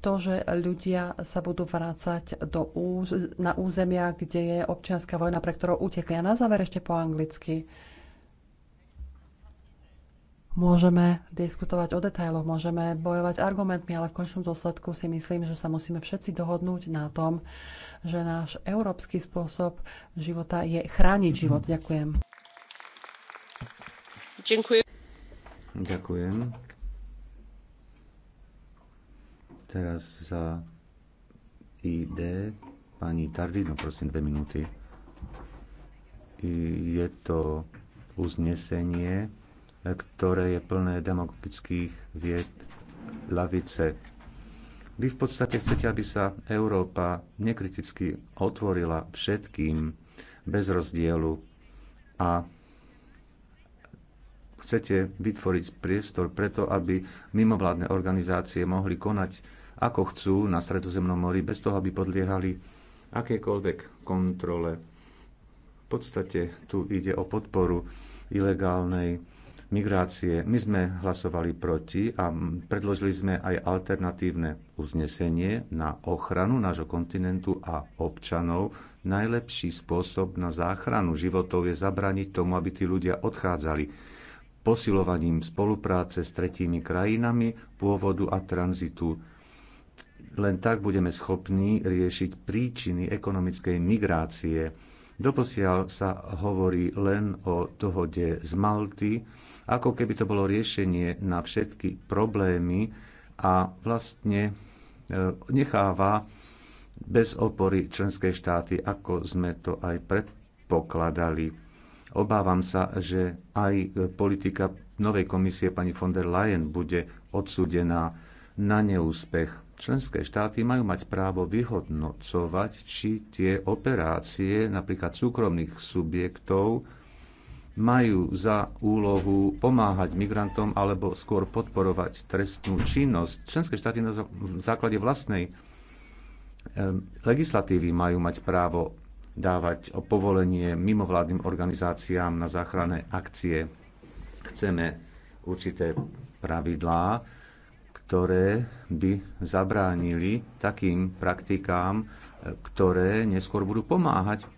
to, že ľudia sa budú vrácať do, na územia, kde je občianská vojna, pre ktorou utekli. A na záver ešte po anglicky. Môžeme diskutovať o detailoch, môžeme bojovať argumentmi, ale v končnom dôsledku si myslím, že sa musíme všetci dohodnúť na tom, že náš európsky spôsob života je chrániť život. Ďakujem. Ďakujem. Ďakujem. Teraz za ID pani Tardino, prosím, dve minúty. Je to uznesenie, ktoré je plné demagogických vied lavice. Vy v podstate chcete, aby sa Európa nekriticky otvorila všetkým bez rozdielu a chcete vytvoriť priestor preto, aby mimovládne organizácie mohli konať ako chcú na Stredozemnom mori, bez toho, aby podliehali akékoľvek kontrole. V podstate tu ide o podporu ilegálnej migrácie. My sme hlasovali proti a predložili sme aj alternatívne uznesenie na ochranu nášho kontinentu a občanov. Najlepší spôsob na záchranu životov je zabraniť tomu, aby tí ľudia odchádzali posilovaním spolupráce s tretími krajinami pôvodu a tranzitu len tak budeme schopní riešiť príčiny ekonomickej migrácie. Doposiaľ sa hovorí len o dohode z Malty, ako keby to bolo riešenie na všetky problémy a vlastne e, necháva bez opory členské štáty, ako sme to aj predpokladali. Obávam sa, že aj politika novej komisie pani von der Leyen bude odsúdená na neúspech. Členské štáty majú mať právo vyhodnocovať, či tie operácie napríklad súkromných subjektov majú za úlohu pomáhať migrantom alebo skôr podporovať trestnú činnosť. Členské štáty na základe vlastnej legislatívy majú mať právo dávať o povolenie mimovládnym organizáciám na záchranné akcie. Chceme určité pravidlá, ktoré by zabránili takým praktikám, e, ktoré neskôr budú pomáhať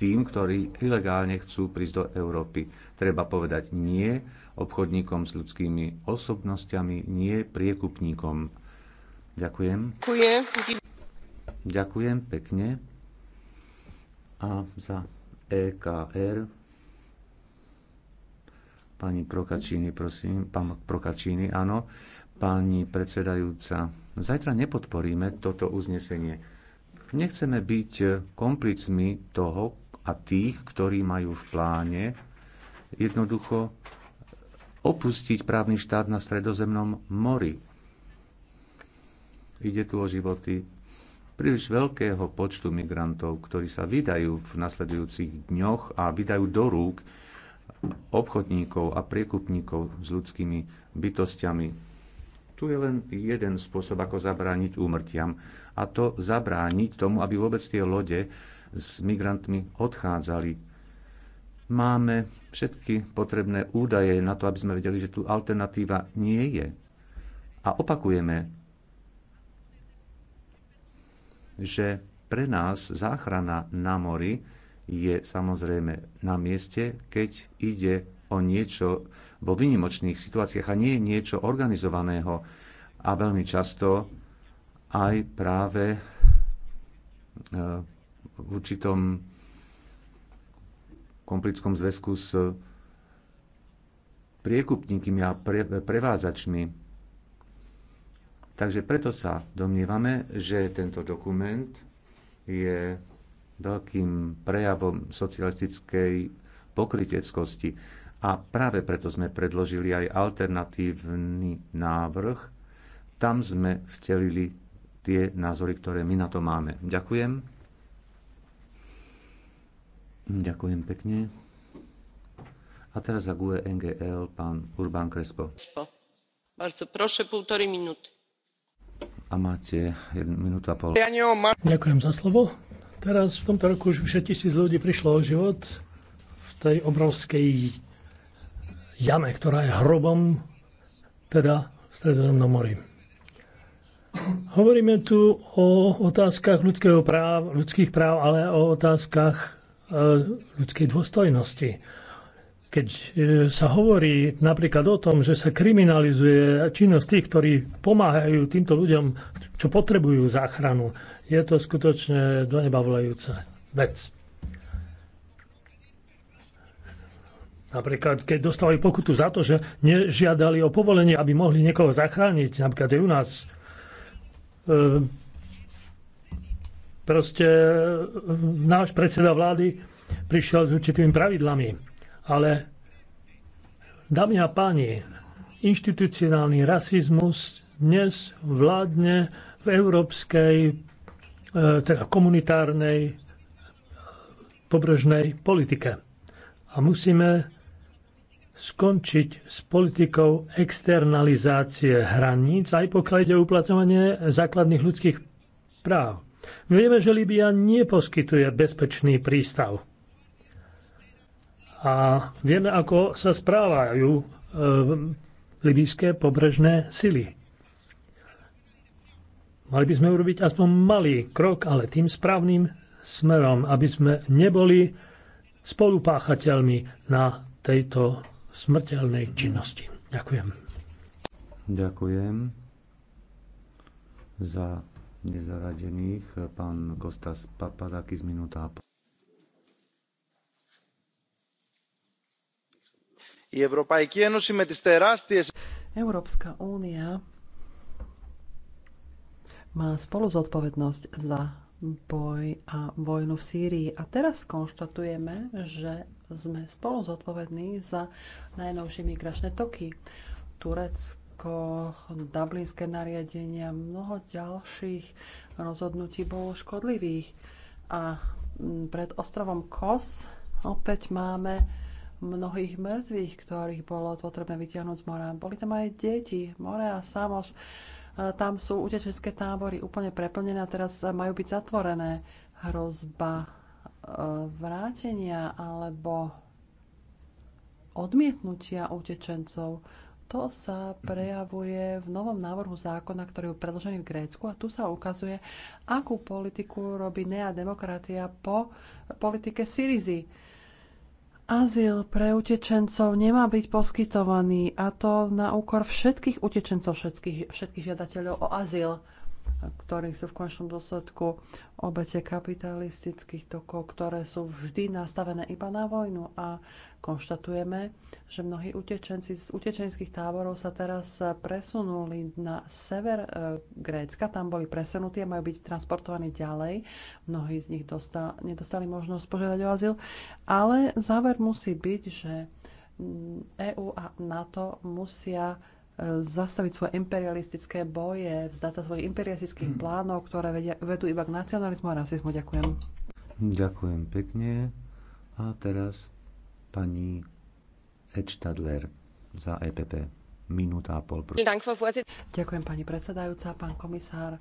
tým, ktorí ilegálne chcú prísť do Európy. Treba povedať nie obchodníkom s ľudskými osobnosťami, nie priekupníkom. Ďakujem. Ďakujem. Ďakujem pekne. A za EKR pani Prokačíny, prosím, pán Prokačíny, áno pani predsedajúca. Zajtra nepodporíme toto uznesenie. Nechceme byť komplicmi toho a tých, ktorí majú v pláne jednoducho opustiť právny štát na stredozemnom mori. Ide tu o životy príliš veľkého počtu migrantov, ktorí sa vydajú v nasledujúcich dňoch a vydajú do rúk obchodníkov a priekupníkov s ľudskými bytostiami tu je len jeden spôsob, ako zabrániť úmrtiam. A to zabrániť tomu, aby vôbec tie lode s migrantmi odchádzali máme všetky potrebné údaje na to, aby sme vedeli, že tu alternatíva nie je. A opakujeme, že pre nás záchrana na mori je samozrejme na mieste, keď ide o niečo vo výnimočných situáciách a nie je niečo organizovaného. A veľmi často aj práve e, v určitom komplickom zväzku s priekupníkmi a pre, prevádzačmi. Takže preto sa domnievame, že tento dokument je veľkým prejavom socialistickej pokriteckosti a práve preto sme predložili aj alternatívny návrh. Tam sme vtelili tie názory, ktoré my na to máme. Ďakujem. Ďakujem pekne. A teraz za GUE NGL pán Urbán Krespo. Bardzo proszę, półtorej minuty. A máte jednu minútu a pol. Ďakujem za slovo. Teraz v tomto roku už vyše tisíc ľudí prišlo o život v tej obrovskej jame, ktorá je hrobom, teda v Stredozemnom mori. Hovoríme tu o otázkach ľudského práv, ľudských práv, ale o otázkach e, ľudskej dôstojnosti. Keď e, sa hovorí napríklad o tom, že sa kriminalizuje činnosť tých, ktorí pomáhajú týmto ľuďom, čo potrebujú záchranu, je to skutočne do neba volajúca vec. Napríklad, keď dostali pokutu za to, že nežiadali o povolenie, aby mohli niekoho zachrániť, napríklad aj u nás. E, proste e, náš predseda vlády prišiel s určitými pravidlami, ale dámy a páni, inštitucionálny rasizmus dnes vládne v európskej, e, teda komunitárnej pobrežnej politike. A musíme skončiť s politikou externalizácie hraníc, aj pokiaľ ide o uplatňovanie základných ľudských práv. Vieme, že Libia neposkytuje bezpečný prístav. A vieme, ako sa správajú e, libijské pobrežné sily. Mali by sme urobiť aspoň malý krok, ale tým správnym smerom, aby sme neboli spolupáchateľmi na tejto smrteľnej činnosti. Ďakujem. Ďakujem za nezaradených. Pán Kostas Papadakis, minúta Európska únia má spolu zodpovednosť za boj a vojnu v Sýrii. A teraz konštatujeme, že sme spolu zodpovední za najnovšie migračné toky. Turecko, dublinské nariadenia, mnoho ďalších rozhodnutí bolo škodlivých. A pred ostrovom Kos opäť máme mnohých mŕtvych, ktorých bolo potrebné vytiahnuť z mora. Boli tam aj deti, more a samos E, tam sú utečenské tábory úplne preplnené a teraz majú byť zatvorené. Hrozba e, vrátenia alebo odmietnutia utečencov. To sa prejavuje v novom návrhu zákona, ktorý je predložený v Grécku a tu sa ukazuje, akú politiku robí Nea Demokratia po politike Syrizy Azyl pre utečencov nemá byť poskytovaný a to na úkor všetkých utečencov, všetkých, všetkých žiadateľov o azyl ktorých sú v končnom dôsledku obete kapitalistických tokov, ktoré sú vždy nastavené iba na vojnu. A konštatujeme, že mnohí utečenci z utečenských táborov sa teraz presunuli na sever e, Grécka, tam boli presunutí a majú byť transportovaní ďalej. Mnohí z nich dostal, nedostali možnosť požiadať o azyl, ale záver musí byť, že EÚ a NATO musia zastaviť svoje imperialistické boje, vzdať sa svojich imperialistických hmm. plánov, ktoré vedia, vedú iba k nacionalizmu a rasizmu. Ďakujem. Ďakujem pekne. A teraz pani Edstadler za EPP. Minúta a pol. Ďakujem pani predsedajúca, pán komisár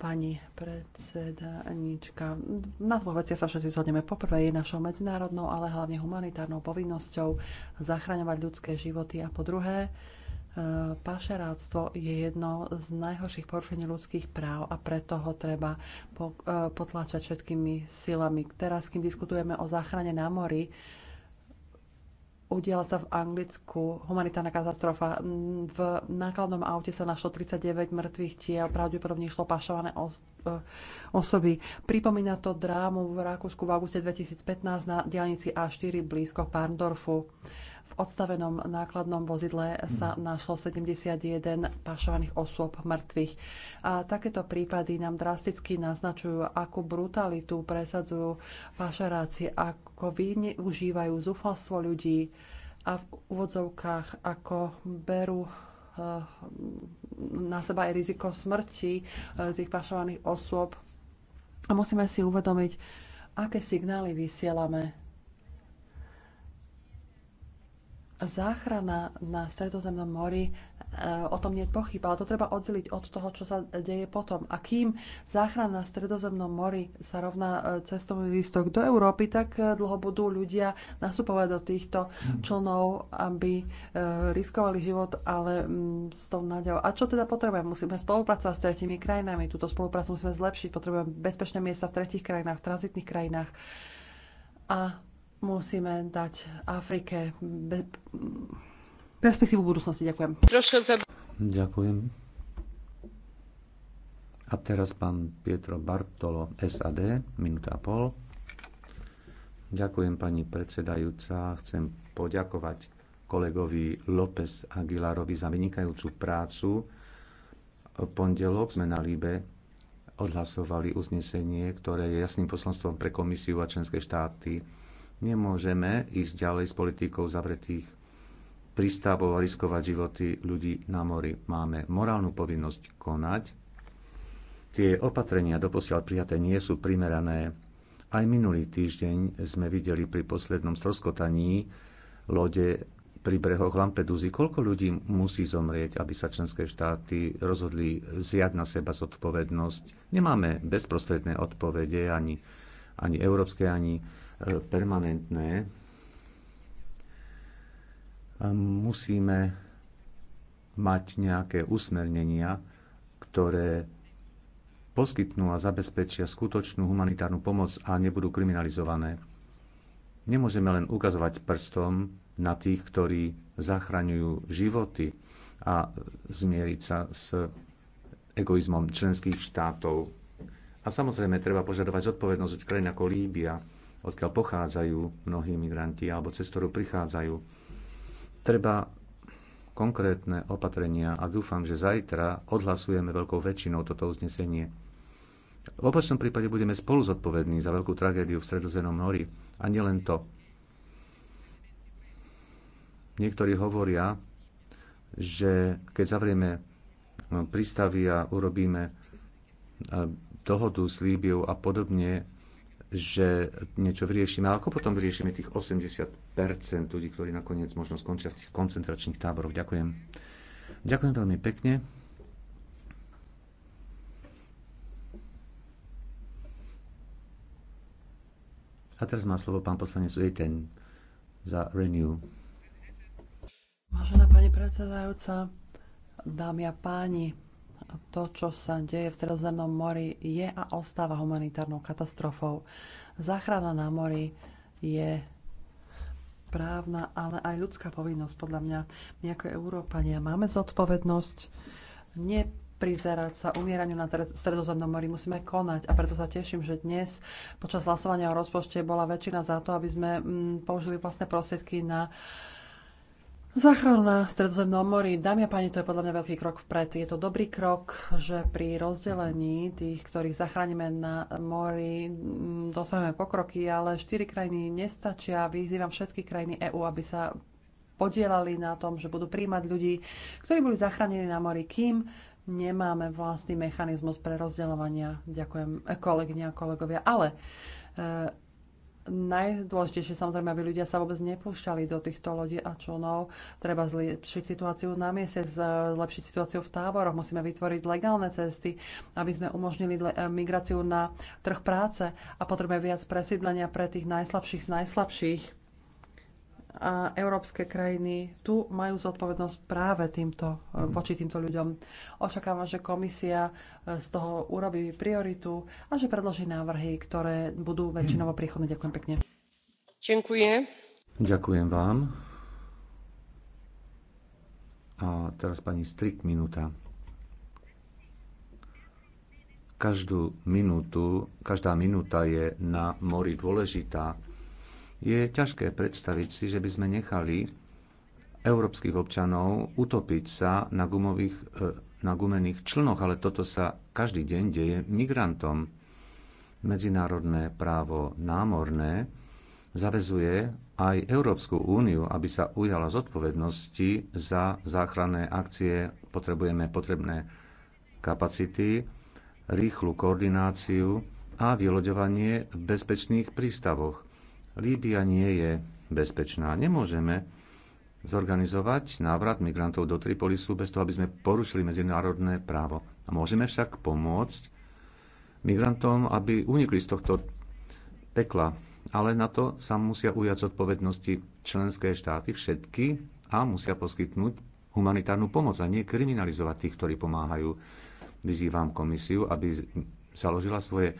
pani predsedanička. Na dvoch veciach sa všetci zhodneme. Poprvé je našou medzinárodnou, ale hlavne humanitárnou povinnosťou zachraňovať ľudské životy a po druhé Eh, pašeráctvo je jedno z najhorších porušení ľudských práv a preto ho treba eh, potláčať všetkými silami. Teraz, kým diskutujeme o záchrane na mori, udiala sa v Anglicku humanitárna katastrofa. V nákladnom aute sa našlo 39 mŕtvych tiel, pravdepodobne išlo pašované eh, osoby. Pripomína to drámu v Rakúsku v auguste 2015 na dialnici A4 blízko Parndorfu v odstavenom nákladnom vozidle sa našlo 71 pašovaných osôb mŕtvych. A takéto prípady nám drasticky naznačujú, akú brutalitu presadzujú pašeráci, ako využívajú zúfalstvo ľudí a v úvodzovkách, ako berú eh, na seba aj riziko smrti eh, tých pašovaných osôb. A musíme si uvedomiť, aké signály vysielame Záchrana na stredozemnom mori, e, o tom nie je pochyb, ale to treba oddeliť od toho, čo sa deje potom. A kým záchrana na stredozemnom mori sa rovná e, cestovný lístok do Európy, tak e, dlho budú ľudia nasupovať do týchto člnov, aby riskovali život, ale mm, s tou nádejou. A čo teda potrebujeme? Musíme spolupracovať s tretimi krajinami. Túto spoluprácu musíme zlepšiť. Potrebujeme bezpečné miesta v tretich krajinách, v tranzitných krajinách. A Musíme dať Afrike be- perspektívu budúcnosti. Ďakujem. Ďakujem. A teraz pán Pietro Bartolo, SAD, minúta a pol. Ďakujem pani predsedajúca. Chcem poďakovať kolegovi López Aguilarovi za vynikajúcu prácu. V pondelok sme na Líbe odhlasovali uznesenie, ktoré je jasným poslanstvom pre komisiu a členské štáty Nemôžeme ísť ďalej s politikou zavretých pristávov a riskovať životy ľudí na mori. Máme morálnu povinnosť konať. Tie opatrenia doposiaľ prijaté nie sú primerané. Aj minulý týždeň sme videli pri poslednom stroskotaní lode pri brehoch Lampedúzy, koľko ľudí musí zomrieť, aby sa členské štáty rozhodli zjať na seba zodpovednosť. Nemáme bezprostredné odpovede ani, ani európske, ani permanentné, musíme mať nejaké usmernenia, ktoré poskytnú a zabezpečia skutočnú humanitárnu pomoc a nebudú kriminalizované. Nemôžeme len ukazovať prstom na tých, ktorí zachraňujú životy a zmieriť sa s egoizmom členských štátov. A samozrejme, treba požadovať zodpovednosť od krajín ako Líbia, odkiaľ pochádzajú mnohí migranti alebo cez ktorú prichádzajú. Treba konkrétne opatrenia a dúfam, že zajtra odhlasujeme veľkou väčšinou toto uznesenie. V opačnom prípade budeme spolu zodpovední za veľkú tragédiu v Stredozemnom mori. A nielen to. Niektorí hovoria, že keď zavrieme prístavy a urobíme e, dohodu s Líbiou a podobne, že niečo vyriešime. A ako potom vyriešime tých 80% ľudí, ktorí nakoniec možno skončia v tých koncentračných táboroch? Ďakujem. Ďakujem veľmi pekne. A teraz má slovo pán poslanec Vejten za Renew. Vážená pani predsedajúca, dámy a páni, to, čo sa deje v Stredozemnom mori, je a ostáva humanitárnou katastrofou. Záchrana na mori je právna, ale aj ľudská povinnosť, podľa mňa. My ako Európania máme zodpovednosť neprizerať sa umieraniu na Stredozemnom mori. Musíme konať a preto sa teším, že dnes počas hlasovania o rozpočte bola väčšina za to, aby sme mm, použili vlastné prostriedky na uh, Záchrana na Stredozemnom mori. Dámy a páni, to je podľa mňa veľký krok vpred. Je to dobrý krok, že pri rozdelení tých, ktorých zachránime na mori, dosahujeme pokroky, ale štyri krajiny nestačia. Vyzývam všetky krajiny EÚ, aby sa podielali na tom, že budú príjmať ľudí, ktorí boli zachránení na mori, kým nemáme vlastný mechanizmus pre rozdeľovania. Ďakujem kolegyne a kolegovia. Ale e, najdôležitejšie samozrejme, aby ľudia sa vôbec nepúšťali do týchto lodí a člnov. Treba zlepšiť situáciu na mieste, zlepšiť situáciu v táboroch, musíme vytvoriť legálne cesty, aby sme umožnili migráciu na trh práce a potrebujeme viac presídlenia pre tých najslabších z najslabších a európske krajiny tu majú zodpovednosť práve týmto, e, mhm. voči týmto ľuďom. Očakávam, že komisia e, z toho urobí prioritu a že predloží návrhy, ktoré budú väčšinovo mhm. príchodné. Ďakujem pekne. Ďakujem. Ďakujem vám. A teraz pani Strik minúta. Každú minútu, každá minúta je na mori dôležitá je ťažké predstaviť si, že by sme nechali európskych občanov utopiť sa na, gumových, e, na gumených člnoch, ale toto sa každý deň deje migrantom. Medzinárodné právo námorné zavezuje aj Európsku úniu, aby sa ujala zodpovednosti za záchranné akcie. Potrebujeme potrebné kapacity, rýchlu koordináciu a vyloďovanie v bezpečných prístavoch. Líbia nie je bezpečná. Nemôžeme zorganizovať návrat migrantov do Tripolisu bez toho, aby sme porušili medzinárodné právo. A môžeme však pomôcť migrantom, aby unikli z tohto pekla. Ale na to sa musia ujať zodpovednosti členské štáty všetky a musia poskytnúť humanitárnu pomoc a nie kriminalizovať tých, ktorí pomáhajú. Vyzývam komisiu, aby založila svoje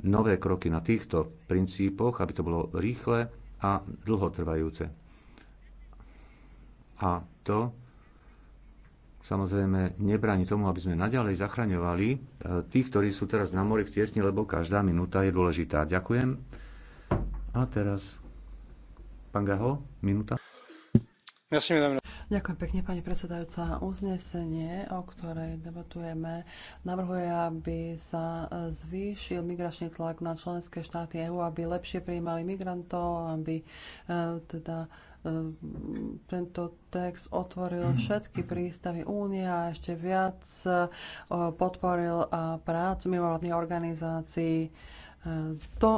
nové kroky na týchto princípoch, aby to bolo rýchle a dlhotrvajúce. A to samozrejme nebráni tomu, aby sme naďalej zachraňovali e, tých, ktorí sú teraz na mori v tiesni, lebo každá minúta je dôležitá. Ďakujem. A teraz pán Gaho, minúta. Merci, madame Ďakujem pekne, pani predsedajúca. Uznesenie, o ktorej debatujeme, navrhuje, aby sa zvýšil migračný tlak na členské štáty EÚ, aby lepšie prijímali migrantov, aby e, teda e, tento text otvoril mhm. všetky prístavy únie a ešte viac e, podporil prácu mimovládnych organizácií. To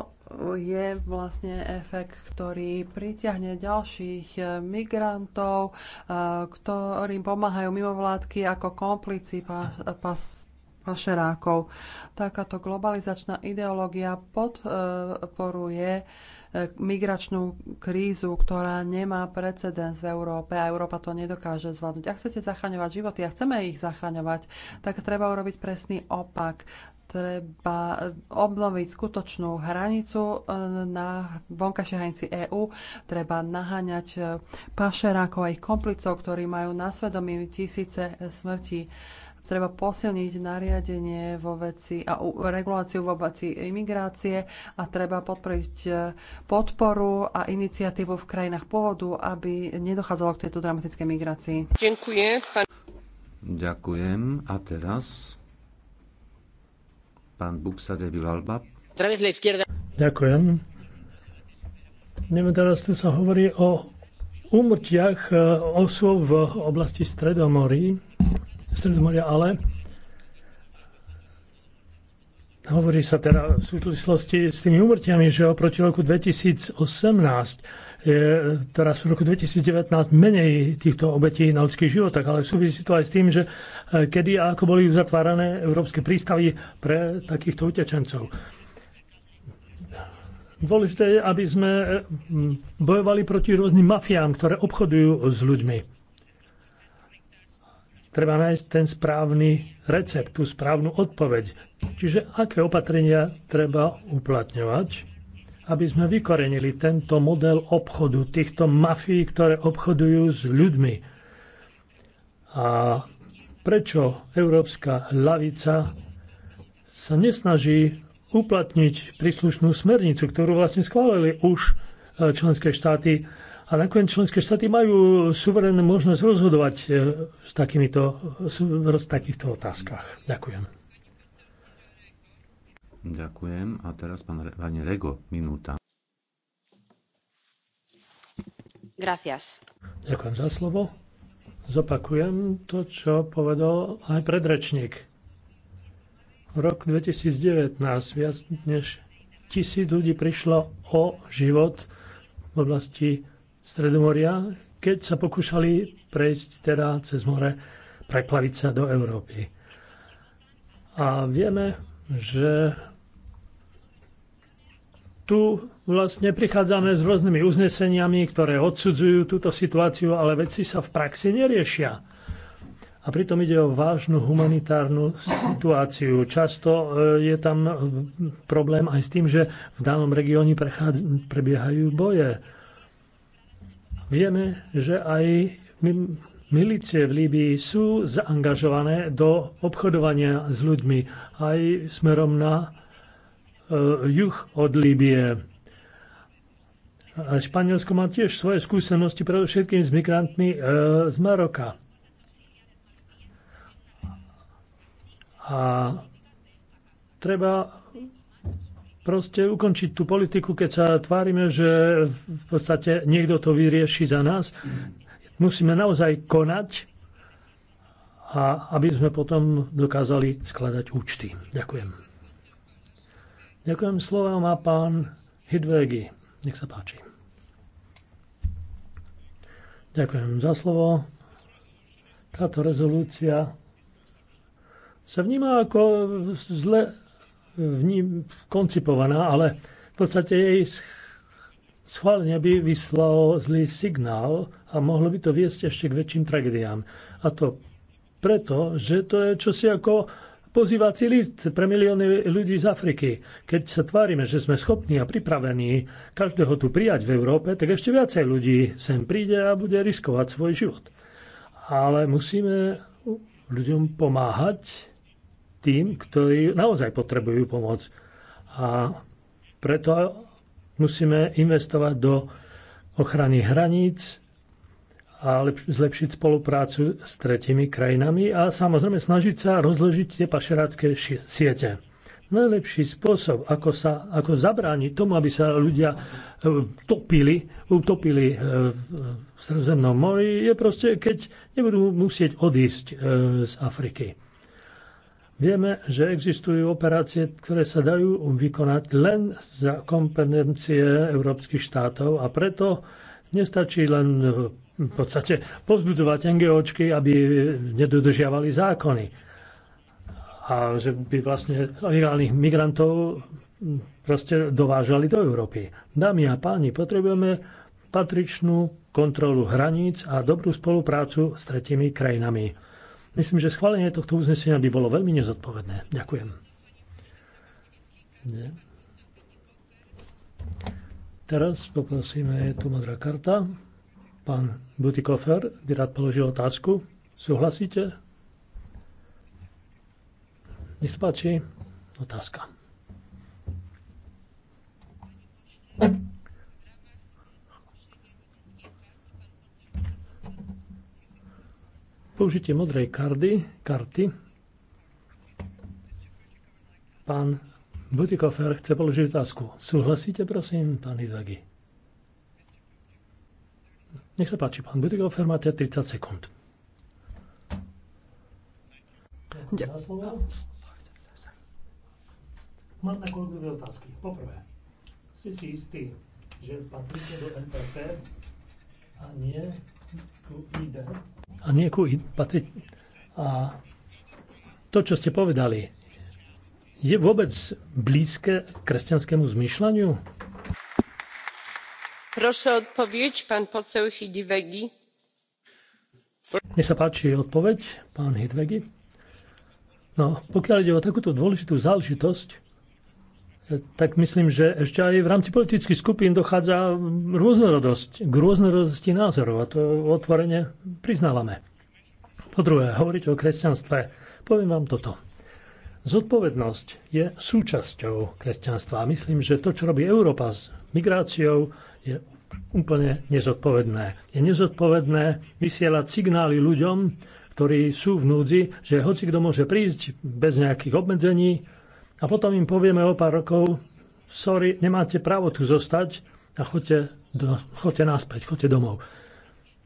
je vlastne efekt, ktorý pritiahne ďalších eh, migrantov, eh, ktorým pomáhajú mimovládky ako komplici pas, pašerákov. Takáto globalizačná ideológia podporuje eh, migračnú krízu, ktorá nemá precedens v Európe a Európa to nedokáže zvládnuť. Ak chcete zachraňovať životy a chceme ich zachraňovať, tak treba urobiť presný opak treba eh, obnoviť skutočnú hranicu eh, na vonkajšej hranici EÚ. Treba naháňať eh, pašerákov a ich komplicov, ktorí majú na svedomí tisíce smrti. Treba posilniť nariadenie vo veci a reguláciu v oblasti imigrácie a treba podporiť podporu a iniciatívu v krajinách pôvodu, aby nedochádzalo k tejto dramatickej migrácii. Ďakujem. Pán... Ďakujem. A teraz Pán de Vilalba. Ďakujem. Neviem, teraz tu sa hovorí o úmrtiach e, osôb v oblasti Stredomorí, Stredomoria, ale Hovorí sa teda v súvislosti s tými umrtiami, že oproti roku 2018, je, teraz v roku 2019 menej týchto obetí na ľudských životách, ale súvisí to aj s tým, že e, kedy a ako boli uzatvárané európske prístavy pre takýchto utečencov. Dôležité je, aby sme e, bojovali proti rôznym mafiám, ktoré obchodujú s ľuďmi. Treba nájsť ten správny recept, tú správnu odpoveď. Čiže aké opatrenia treba uplatňovať, aby sme vykorenili tento model obchodu, týchto mafií, ktoré obchodujú s ľuďmi. A prečo európska lavica sa nesnaží uplatniť príslušnú smernicu, ktorú vlastne schválili už e, členské štáty a nakoniec členské štáty majú suverénnu možnosť rozhodovať e, v takýmito, v takýchto otázkach. Ďakujem. Ďakujem. A teraz pán pani Rego, minúta. Gracias. Ďakujem za slovo. Zopakujem to, čo povedal aj predrečník. Rok 2019 viac než tisíc ľudí prišlo o život v oblasti Stredomoria, keď sa pokúšali prejsť teda cez more, preplaviť sa do Európy. A vieme, že tu vlastne prichádzame s rôznymi uzneseniami, ktoré odsudzujú túto situáciu, ale veci sa v praxi neriešia. A pritom ide o vážnu humanitárnu situáciu. Často e, je tam e, problém aj s tým, že v danom regióne prebiehajú boje. Vieme, že aj milície v Líbii sú zaangažované do obchodovania s ľuďmi aj smerom na e, juh od Líbie. A Španielsko má tiež svoje skúsenosti predovšetkým s migrantmi e, z Maroka. A treba proste ukončiť tú politiku, keď sa tvárime, že v podstate niekto to vyrieši za nás. Musíme naozaj konať a aby sme potom dokázali skladať účty. Ďakujem. Ďakujem. Slova má pán Hidvegi. Nech sa páči. Ďakujem za slovo. Táto rezolúcia sa vníma ako zle v ní koncipovaná, ale v podstate jej schválenie by vyslalo zlý signál a mohlo by to viesť ešte k väčším tragédiám. A to preto, že to je čosi ako pozývací list pre milióny ľudí z Afriky. Keď sa tvárime, že sme schopní a pripravení každého tu prijať v Európe, tak ešte viacej ľudí sem príde a bude riskovať svoj život. Ale musíme ľuďom pomáhať tým, ktorí naozaj potrebujú pomoc. A preto musíme investovať do ochrany hraníc a zlepšiť spoluprácu s tretimi krajinami a samozrejme snažiť sa rozložiť tie pašerácké siete. Najlepší spôsob, ako, sa, ako zabrániť tomu, aby sa ľudia e, topili, utopili e, v Stredozemnom mori, je proste, keď nebudú musieť odísť e, z Afriky. Vieme, že existujú operácie, ktoré sa dajú vykonať len za kompetencie európskych štátov a preto nestačí len v podstate povzbudovať NGOčky, aby nedodržiavali zákony a že by vlastne legálnych migrantov proste dovážali do Európy. Dámy a páni, potrebujeme patričnú kontrolu hraníc a dobrú spoluprácu s tretimi krajinami. Myslím, že schválenie tohto uznesenia by bolo veľmi nezodpovedné. Ďakujem. Nie. Teraz poprosíme, je tu modrá karta. Pán Butikofer by rád položil otázku. Súhlasíte? Nech sa páči. Otázka. Thank you. Použitie modrej kardy, karty. Pán Butikofer chce položiť otázku. Súhlasíte, prosím, pán Izagi? Nech sa páči, pán Butikofer, máte 30 sekúnd. Ďakujem Mám takú dve otázky. Poprvé, si si istý, že patríte do NPT a nie ku IDE? a nieku patriť. A to, čo ste povedali, je vôbec blízke kresťanskému zmýšľaniu? Proszę odpowiedź, pan poseł Hidivegi. Nech sa páči odpoveď, pán Hidvegi. No, pokiaľ ide o takúto dôležitú záležitosť, tak myslím, že ešte aj v rámci politických skupín dochádza rôznorodosť, k rôznorodosti názorov a to otvorene priznávame. Po druhé, hovoriť o kresťanstve. Poviem vám toto. Zodpovednosť je súčasťou kresťanstva a myslím, že to, čo robí Európa s migráciou, je úplne nezodpovedné. Je nezodpovedné vysielať signály ľuďom, ktorí sú v núdzi, že hoci kto môže prísť bez nejakých obmedzení, a potom im povieme o pár rokov, sorry, nemáte právo tu zostať a chodte, do, chodte naspäť, chodte domov.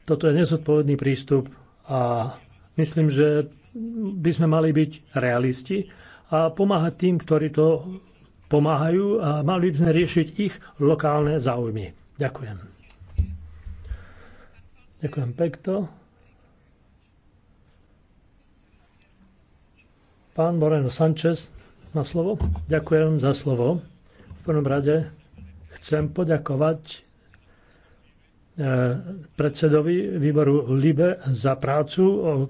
Toto je nezodpovedný prístup a myslím, že by sme mali byť realisti a pomáhať tým, ktorí to pomáhajú a mali by sme riešiť ich lokálne záujmy. Ďakujem. Ďakujem pekto. Pán Moreno Sanchez na slovo. Ďakujem za slovo. V prvom rade chcem poďakovať e, predsedovi výboru LIBE za prácu,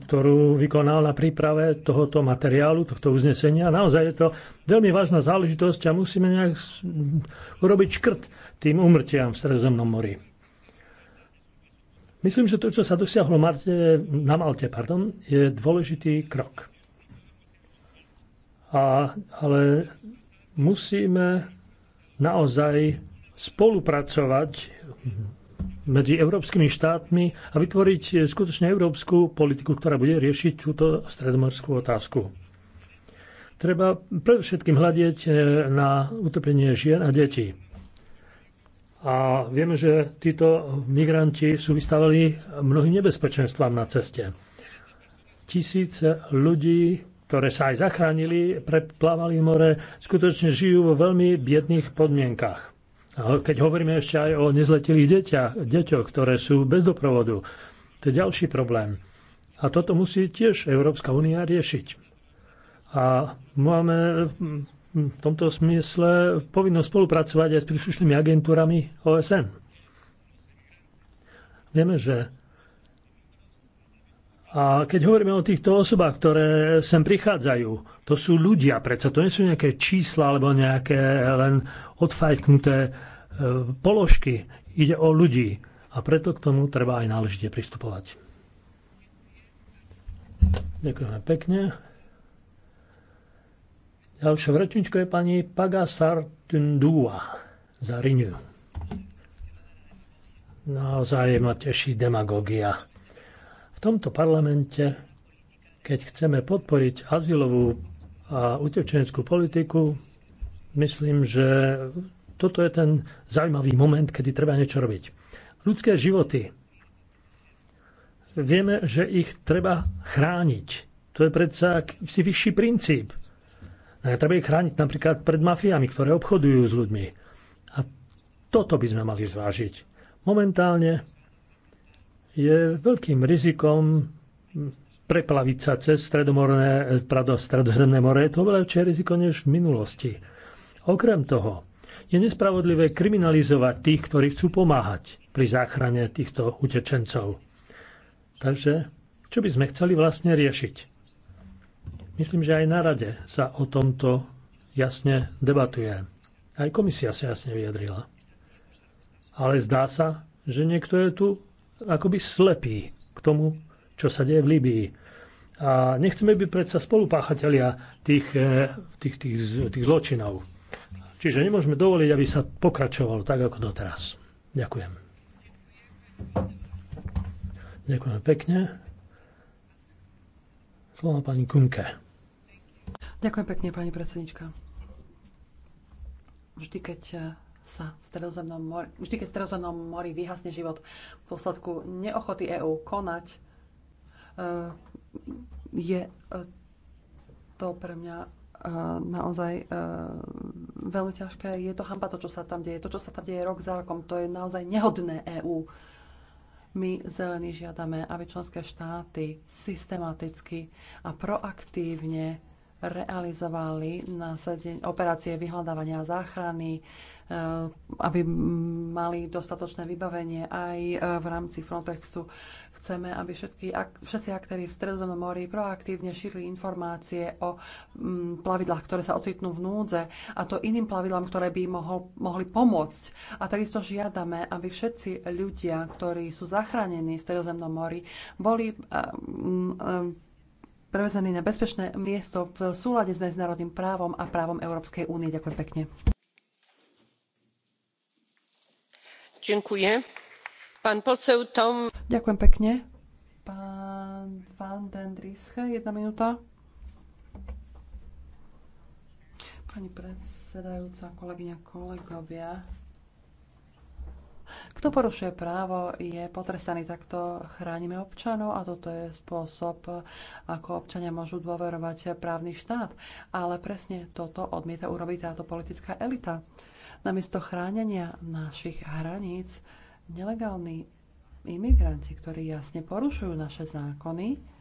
ktorú vykonal na príprave tohoto materiálu, tohto uznesenia. Naozaj je to veľmi vážna záležitosť a musíme nejak urobiť škrt tým umrtiam v Stredozemnom mori. Myslím, že to, čo sa dosiahlo na Malte, pardon, je dôležitý krok. A, ale musíme naozaj spolupracovať medzi európskymi štátmi a vytvoriť skutočne európsku politiku, ktorá bude riešiť túto stredomorskú otázku. Treba predovšetkým hľadiť e, na utrpenie žien a detí. A vieme, že títo migranti sú vystavili mnohým nebezpečenstvám na ceste. Tisíce ľudí ktoré sa aj zachránili, preplávali more, skutočne žijú vo veľmi biedných podmienkach. A keď hovoríme ešte aj o nezletilých deťoch, deťoch, ktoré sú bez doprovodu, to je ďalší problém. A toto musí tiež Európska únia riešiť. A máme v tomto smysle povinnosť spolupracovať aj s príslušnými agentúrami OSN. Vieme, že a keď hovoríme o týchto osobách, ktoré sem prichádzajú, to sú ľudia, predsa to nie sú nejaké čísla alebo nejaké len odfajknuté e, položky. Ide o ľudí a preto k tomu treba aj náležite pristupovať. Ďakujeme pekne. Ďalšou rečničkou je pani Pagasar Tundua za Riniu. Naozaj ma teší demagogia v tomto parlamente, keď chceme podporiť azylovú a utečenskú politiku, myslím, že toto je ten zaujímavý moment, kedy treba niečo robiť. Ľudské životy. Vieme, že ich treba chrániť. To je predsa si vyšší princíp. A treba ich chrániť napríklad pred mafiami, ktoré obchodujú s ľuďmi. A toto by sme mali zvážiť. Momentálne je veľkým rizikom preplaviť sa cez stredomorné, prado, stredozemné more. Je to oveľa väčšie riziko než v minulosti. Okrem toho, je nespravodlivé kriminalizovať tých, ktorí chcú pomáhať pri záchrane týchto utečencov. Takže, čo by sme chceli vlastne riešiť? Myslím, že aj na rade sa o tomto jasne debatuje. Aj komisia sa jasne vyjadrila. Ale zdá sa, že niekto je tu akoby slepí k tomu, čo sa deje v Líbii. A nechceme byť predsa spolupáchatelia tých, eh, tých, tých, tých zločinov. Čiže nemôžeme dovoliť, aby sa pokračovalo tak, ako doteraz. Ďakujem. Ďakujem pekne. Slovo pani Kunke. Ďakujem pekne, pani predsednička. Vždy, keď eh, sa v stredozemnom mori, vždy keď v stredozemnom mori vyhasne život v dôsledku neochoty EÚ konať, eh, je eh, to pre mňa eh, naozaj veľmi ťažké. Je to hamba to, čo sa tam deje. To, čo sa tam deje rok za rokom, to je naozaj nehodné EÚ. My zelení žiadame, aby členské štáty systematicky a proaktívne realizovali následne operácie vyhľadávania a záchrany, eh, aby mali dostatočné vybavenie aj eh, v rámci Frontexu. Chceme, aby všetky, všetci aktéri v Stredozemnom mori proaktívne šírili informácie o mm, plavidlách, ktoré sa ocitnú v núdze a to iným plavidlám, ktoré by mohol, mohli pomôcť. A takisto žiadame, aby všetci ľudia, ktorí sú zachránení v Stredozemnom mori, boli eh, mm, prevezený na bezpečné miesto v súlade s medzinárodným právom a právom Európskej únie. Ďakujem pekne. Ďakujem. Pán posel Tom. Ďakujem pekne. Pán Van den Driesche, jedna minúta. Pani predsedajúca, kolegyňa, kolegovia. Kto porušuje právo, je potrestaný. Takto chránime občanov a toto je spôsob, ako občania môžu dôverovať právny štát. Ale presne toto odmieta urobiť táto politická elita. Namiesto chránenia našich hraníc, nelegálni imigranti, ktorí jasne porušujú naše zákony,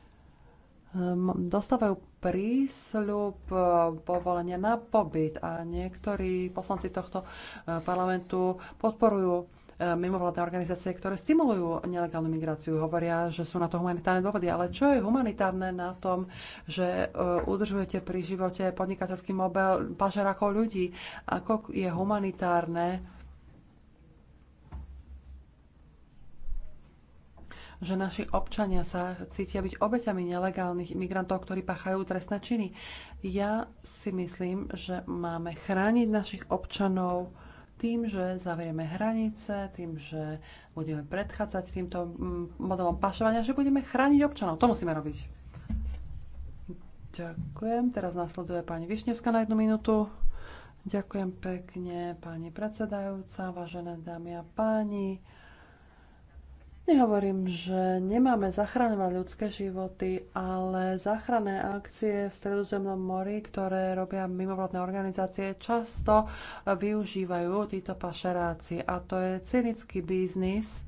dostávajú prísľub e, povolenia na pobyt a niektorí poslanci tohto e, parlamentu podporujú Eh, mimovládne organizácie, ktoré stimulujú nelegálnu migráciu. Hovoria, že sú na to humanitárne dôvody. Ale čo je humanitárne na tom, že eh, udržujete pri živote podnikateľský mobil pažerakov ľudí? Ako je humanitárne že naši občania sa cítia byť obeťami nelegálnych imigrantov, ktorí páchajú trestné činy. Ja si myslím, že máme chrániť našich občanov tým, že zavrieme hranice, tým, že budeme predchádzať týmto mm, modelom pašovania, že budeme chrániť občanov. To musíme robiť. Ďakujem. Teraz nasleduje pani Višňovská na jednu minútu. Ďakujem pekne, pani predsedajúca, vážené dámy a páni. Nehovorím, že nemáme zachraňovať ľudské životy, ale záchranné akcie v Stredozemnom mori, ktoré robia mimovládne organizácie, často využívajú títo pašeráci. A to je cynický biznis,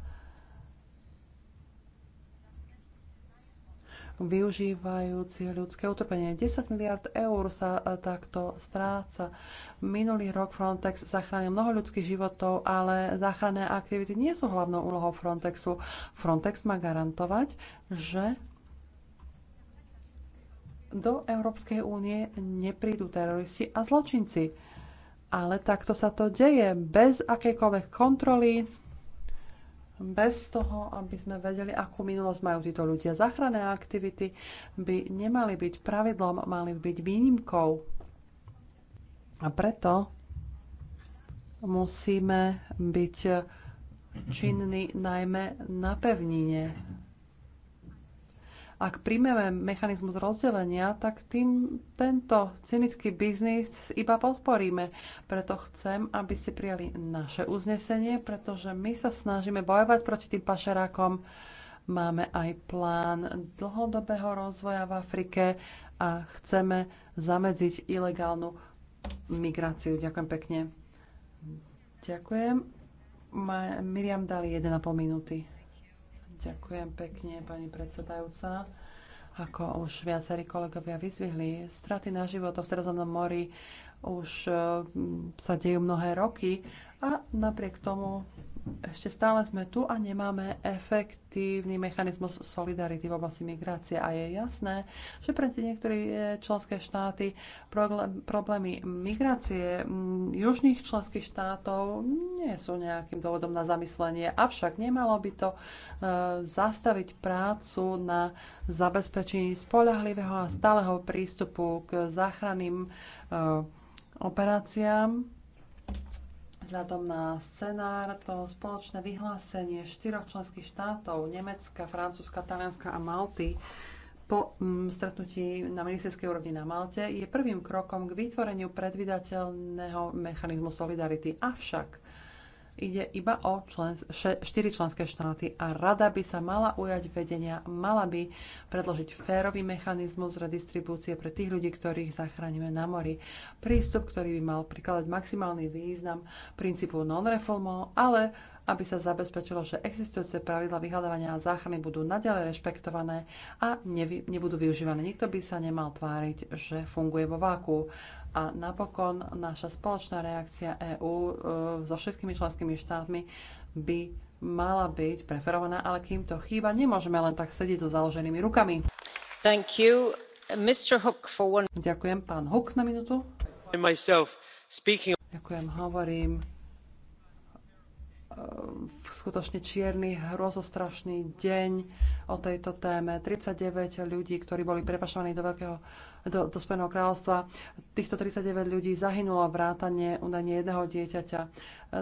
využívajúci ľudské utrpenie. 10 miliard eur sa e, takto stráca. Minulý rok Frontex zachránil mnoho ľudských životov, ale záchranné aktivity nie sú hlavnou úlohou Frontexu. Frontex má garantovať, že do Európskej únie neprídu teroristi a zločinci. Ale takto sa to deje bez akejkoľvek kontroly, bez toho, aby sme vedeli, akú minulosť majú títo ľudia. Záchranné aktivity by nemali byť pravidlom, mali byť výnimkou. A preto musíme byť činní najmä na pevnine ak príjmeme mechanizmus rozdelenia, tak tým tento cynický biznis iba podporíme. Preto chcem, aby ste prijali naše uznesenie, pretože my sa snažíme bojovať proti tým pašerákom. Máme aj plán dlhodobého rozvoja v Afrike a chceme zamedziť ilegálnu migráciu. Ďakujem pekne. Ďakujem. Miriam dali 1,5 minúty. Ďakujem pekne, pani predsedajúca. Ako už viacerí kolegovia vyzvihli, straty na život v Stredozemnom mori už eh, sa dejú mnohé roky a napriek tomu ešte stále sme tu a nemáme efektívny mechanizmus solidarity v oblasti migrácie a je jasné, že pre tie niektoré eh, členské štáty problémy migrácie mm, južných členských štátov nie sú nejakým dôvodom na zamyslenie, avšak nemalo by to eh, zastaviť prácu na zabezpečení spolahlivého a stáleho prístupu k záchranným eh, operáciám Vzhľadom na scenár, to spoločné vyhlásenie štyroch členských štátov, Nemecka, Francúzska, Talianska a Malty, po mm, stretnutí na ministerskej úrovni na Malte je prvým krokom k vytvoreniu predvydateľného mechanizmu solidarity. Avšak Ide iba o člen, še, štyri členské štáty a rada by sa mala ujať vedenia, mala by predložiť férový mechanizmus redistribúcie pre tých ľudí, ktorých zachraňujeme na mori. Prístup, ktorý by mal prikladať maximálny význam princípu non-reformov, ale aby sa zabezpečilo, že existujúce pravidla vyhľadávania a záchrany budú naďalej rešpektované a nevy, nebudú využívané. Nikto by sa nemal tváriť, že funguje vo váku. A napokon naša spoločná reakcia EÚ e, so všetkými členskými štátmi by mala byť preferovaná, ale kým to chýba, nemôžeme len tak sedieť so založenými rukami. Thank you. Mr. Hook for one... Ďakujem, pán Hook na minútu. Ďakujem, hovorím e, skutočne čierny, hrozostrašný deň o tejto téme. 39 ľudí, ktorí boli prepašovaní do veľkého do, do Spojeného kráľovstva. Týchto 39 ľudí zahynulo vrátanie údajne jedného dieťaťa.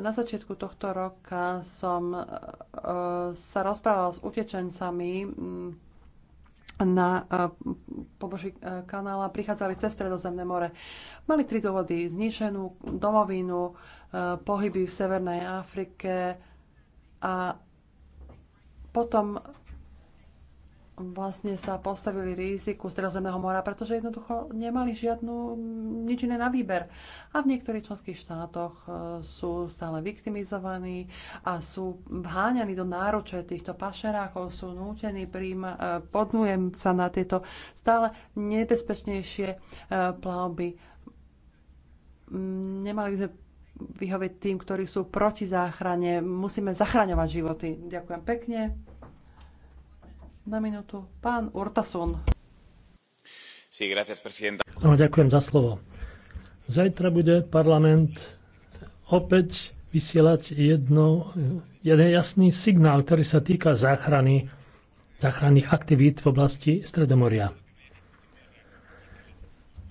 Na začiatku tohto roka som uh, sa rozprával s utečencami mm, na e, poboží e, kanála prichádzali cez Stredozemné more. Mali tri dôvody. Znišenú domovinu, pohyby v Severnej Afrike a potom vlastne sa postavili riziku Stredozemného mora, pretože jednoducho nemali žiadnu, nič iné na výber. A v niektorých členských štátoch e, sú stále viktimizovaní a sú háňaní do náruče týchto pašerákov, sú nútení príjma, e, podnujem sa na tieto stále nebezpečnejšie e, plavby. Mm, nemali by sme vyhovieť tým, ktorí sú proti záchrane. Musíme zachraňovať životy. Ďakujem pekne. Na pán no, ďakujem za slovo. Zajtra bude parlament opäť vysielať jedno, jeden jasný signál, ktorý sa týka záchrany, záchranných aktivít v oblasti Stredomoria.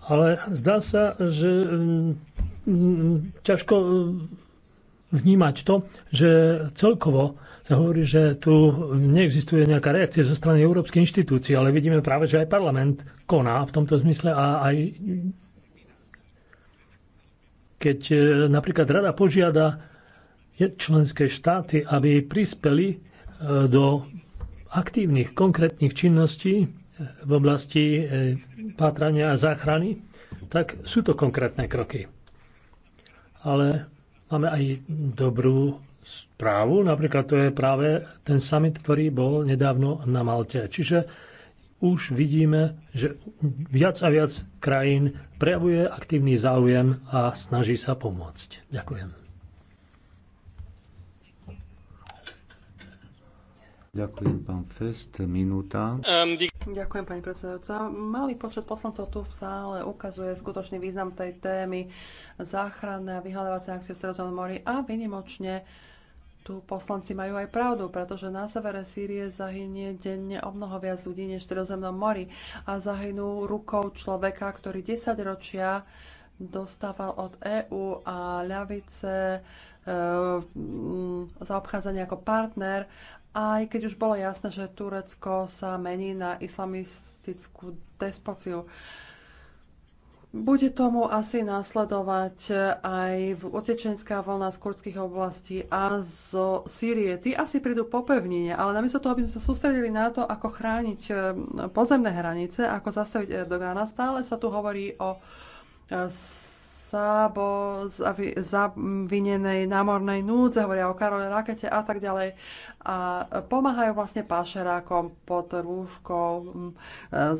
Ale zdá sa, že mm, mm, ťažko mm, vnímať to, že celkovo sa hovorí, že tu neexistuje nejaká reakcia zo strany európskej inštitúcií, ale vidíme práve, že aj parlament koná v tomto zmysle a aj keď e, napríklad rada požiada členské štáty, aby prispeli e, do aktívnych, konkrétnych činností e, v oblasti pátrania a záchrany, tak sú to konkrétne kroky. Ale máme aj dobrú správu. Napríklad to je práve ten summit, ktorý bol nedávno na Malte. Čiže už vidíme, že viac a viac krajín prejavuje aktívny záujem a snaží sa pomôcť. Ďakujem. Ďakujem, pán Fest. Minúta. Ehm, Ďakujem, pani predsedajúca. Malý počet poslancov tu v sále ukazuje skutočný význam tej témy záchranné a vyhľadávacie akcie v Stredozemnom mori a vynimočne tu poslanci majú aj pravdu, pretože na severe Sýrie zahynie denne o mnoho viac ľudí než v Stredozemnom mori a zahynú rukou človeka, ktorý 10 ročia dostával od EÚ a ľavice e, mm, obchádzanie ako partner, aj keď už bolo jasné, že Turecko sa mení na islamistickú despociu. E, bude tomu asi následovať aj otečenská vlna z kurdských oblastí a zo Sýrie. Tí asi prídu po pevnine, ale namiesto toho, aby sme sa sústredili na to, ako chrániť eh, pozemné hranice, ako zastaviť Erdogana, stále sa tu hovorí o eh, Sábo zavinenej námornej núdze, hovoria o Karole Rakete a tak ďalej. A pomáhajú vlastne pášerákom pod rúškou hm, eh,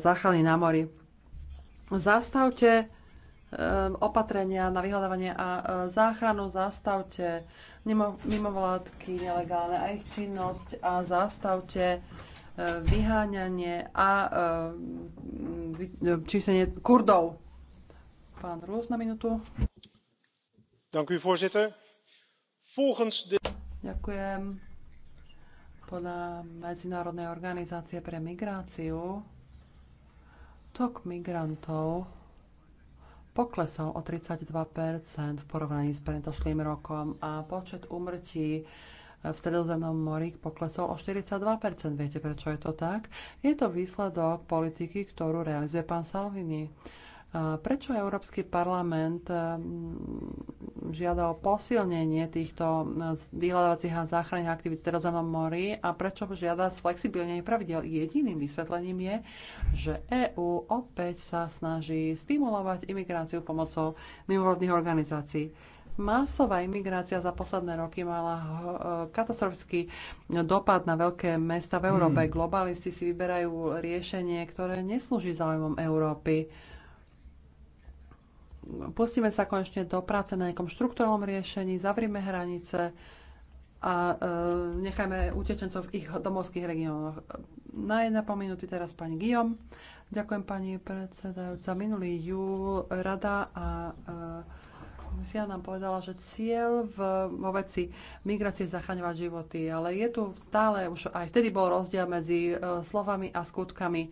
záchrany na mori zastavte e, opatrenia na vyhľadávanie a e, záchranu, zastavte mimovládky nelegálne a ich činnosť a zastavte e, vyháňanie a čísenie kurdov. Pán Rus na minútu. Ďakujem. Podľa Medzinárodnej organizácie pre migráciu Tok migrantov poklesol o 32 v porovnaní s predošlým rokom a počet úmrtí v Stredozemnom mori poklesol o 42%. Viete, prečo je to tak? Je to výsledok politiky, ktorú realizuje pán Salvini. Prečo Európsky parlament um, žiada o posilnenie týchto um, vyhľadávacích a záchranných aktivít v Stredozemnom mori a prečo žiada flexibilnenie pravidel? Jediným vysvetlením je, že EÚ opäť sa snaží stimulovať imigráciu pomocou mimovládnych organizácií. Masová imigrácia za posledné roky mala uh, katastrofický dopad na veľké mesta v Európe. Hmm. Globalisti si vyberajú riešenie, ktoré neslúži záujmom Európy pustíme sa konečne do práce na nejakom štruktúrnom riešení, zavrime hranice a e, nechajme utečencov v ich domovských regiónoch. Na jedna pominutý teraz pani Guillaume. Ďakujem pani predsedajúca. Minulý júl rada a e, Komisia nám povedala, že cieľ v, vo veci migrácie je zachraňovať životy, ale je tu stále, už aj vtedy bol rozdiel medzi e, slovami a skutkami. E,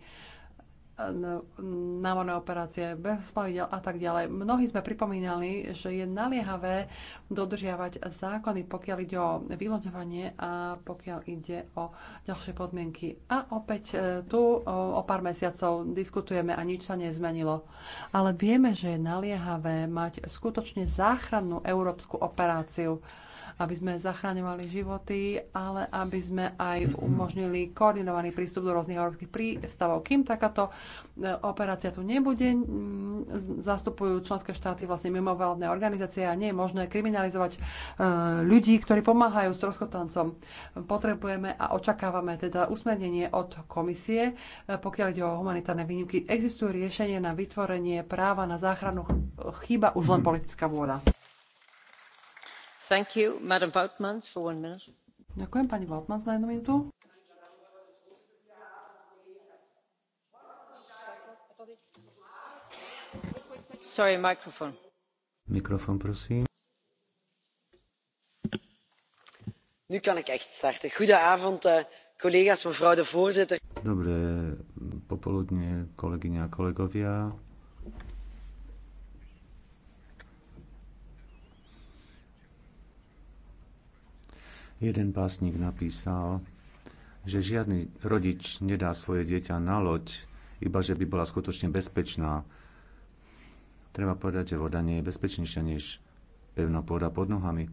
námorné operácie, bez plavidel a tak ďalej. Mnohí sme pripomínali, že je naliehavé dodržiavať zákony, pokiaľ ide o vyloďovanie a pokiaľ ide o ďalšie podmienky. A opäť e, tu o pár mesiacov diskutujeme a nič sa nezmenilo. Ale vieme, že je naliehavé mať skutočne záchrannú európsku operáciu aby sme zachraňovali životy, ale aby sme aj umožnili koordinovaný prístup do rôznych európskych prístavov. Kým takáto e, operácia tu nebude, zastupujú členské štáty vlastne mimovládne organizácie a nie je možné kriminalizovať e, ľudí, ktorí pomáhajú s rozkotancom. Potrebujeme a očakávame teda usmernenie od komisie, e, pokiaľ ide o humanitárne výnimky. Existujú riešenie na vytvorenie práva na záchranu, chýba už len mhm. politická vôľa pani Vautmans Nu kan ik echt starten. Goedenavond, eh, collega's, mevrouw de voorzitter. Dobré popoludne, kolegyňa a kolegovia. Jeden básnik napísal, že žiadny rodič nedá svoje dieťa na loď, iba že by bola skutočne bezpečná. Treba povedať, že voda nie je bezpečnejšia než pevná pôda pod nohami.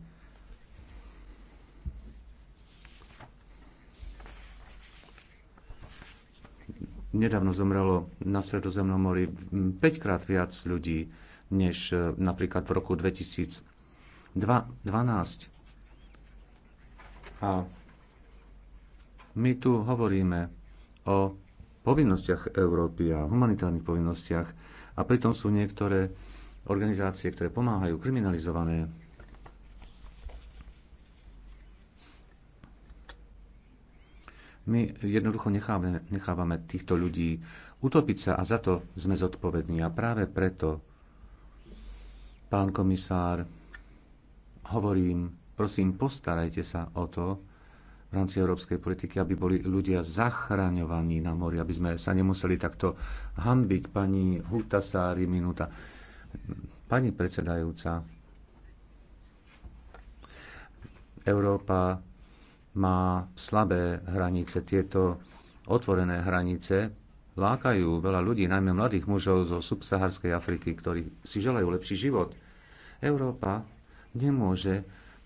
Nedávno zomrelo na Sredozemnom mori 5 krát viac ľudí než eh, napríklad v roku 2012. A my tu hovoríme o povinnostiach Európy a humanitárnych povinnostiach a pritom sú niektoré organizácie, ktoré pomáhajú, kriminalizované. My jednoducho nechávame, nechávame týchto ľudí utopiť sa a za to sme zodpovední. A práve preto, pán komisár, hovorím Prosím, postarajte sa o to v rámci európskej politiky, aby boli ľudia zachraňovaní na mori, aby sme sa nemuseli takto hambiť. Pani Hutasári, minúta. Pani predsedajúca, Európa má slabé hranice. Tieto otvorené hranice lákajú veľa ľudí, najmä mladých mužov zo subsaharskej Afriky, ktorí si želajú lepší život. Európa nemôže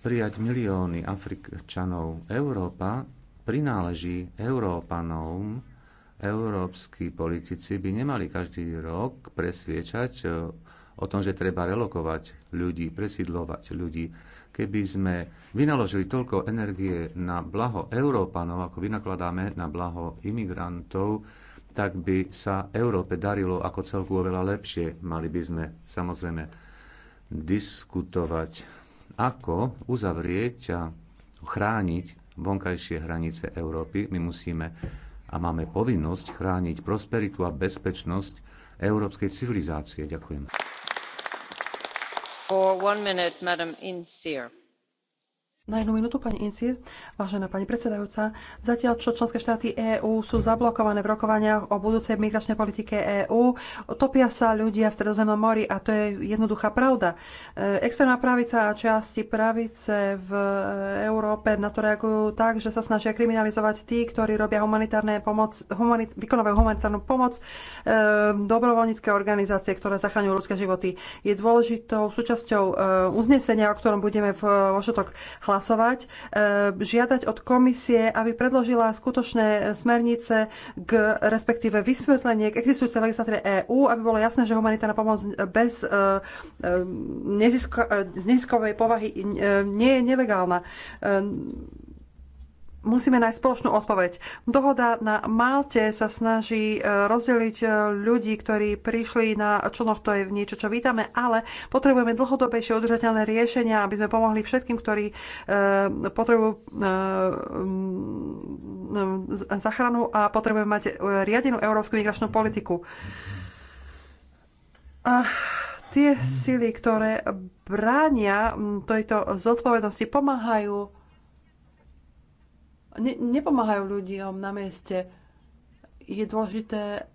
prijať milióny Afričanov. Európa prináleží Európanom. Európsky politici by nemali každý rok presviečať eh, o tom, že treba relokovať ľudí, presídlovať ľudí. Keby sme vynaložili toľko energie na blaho Európanov, ako vynakladáme na blaho imigrantov, tak by sa Európe darilo ako celku oveľa lepšie. Mali by sme samozrejme diskutovať ako uzavrieť a chrániť vonkajšie hranice Európy. My musíme a máme povinnosť chrániť prosperitu a bezpečnosť európskej civilizácie. Ďakujem. For one minute, Madam Insir. Na jednu minútu, pani Insir, vážená pani predsedajúca, zatiaľ čo členské štáty EÚ sú zablokované v rokovaniach o budúcej migračnej politike EÚ, topia sa ľudia v Stredozemnom mori a to je jednoduchá pravda. E, Extrémna pravica a časti pravice v Európe na to reagujú tak, že sa snažia kriminalizovať tí, ktorí robia humanitárne pomoc, humanit, vykonávajú humanitárnu pomoc, e, dobrovoľnícke organizácie, ktoré zachraňujú ľudské životy. Je dôležitou súčasťou e, uznesenia, o ktorom budeme v, vo hlasovať hlasovať, e, žiadať od komisie, aby predložila skutočné smernice k respektíve vysvetlenie k existujúcej legislatíve EÚ, aby bolo jasné, že humanitárna pomoc bez e, e, neziskovej povahy nie je nelegálna musíme nájsť spoločnú odpoveď. Dohoda na Malte sa snaží e, rozdeliť e, ľudí, ktorí prišli na člnoch, to je niečo, čo vítame, ale potrebujeme dlhodobejšie udržateľné riešenia, aby sme pomohli všetkým, ktorí e, potrebujú zachranu a potrebujeme mať riadenú európsku migračnú politiku. A tie sily, ktoré bránia tejto zodpovednosti, pomáhajú ne, nepomáhajú ľuďom na mieste. Je dôležité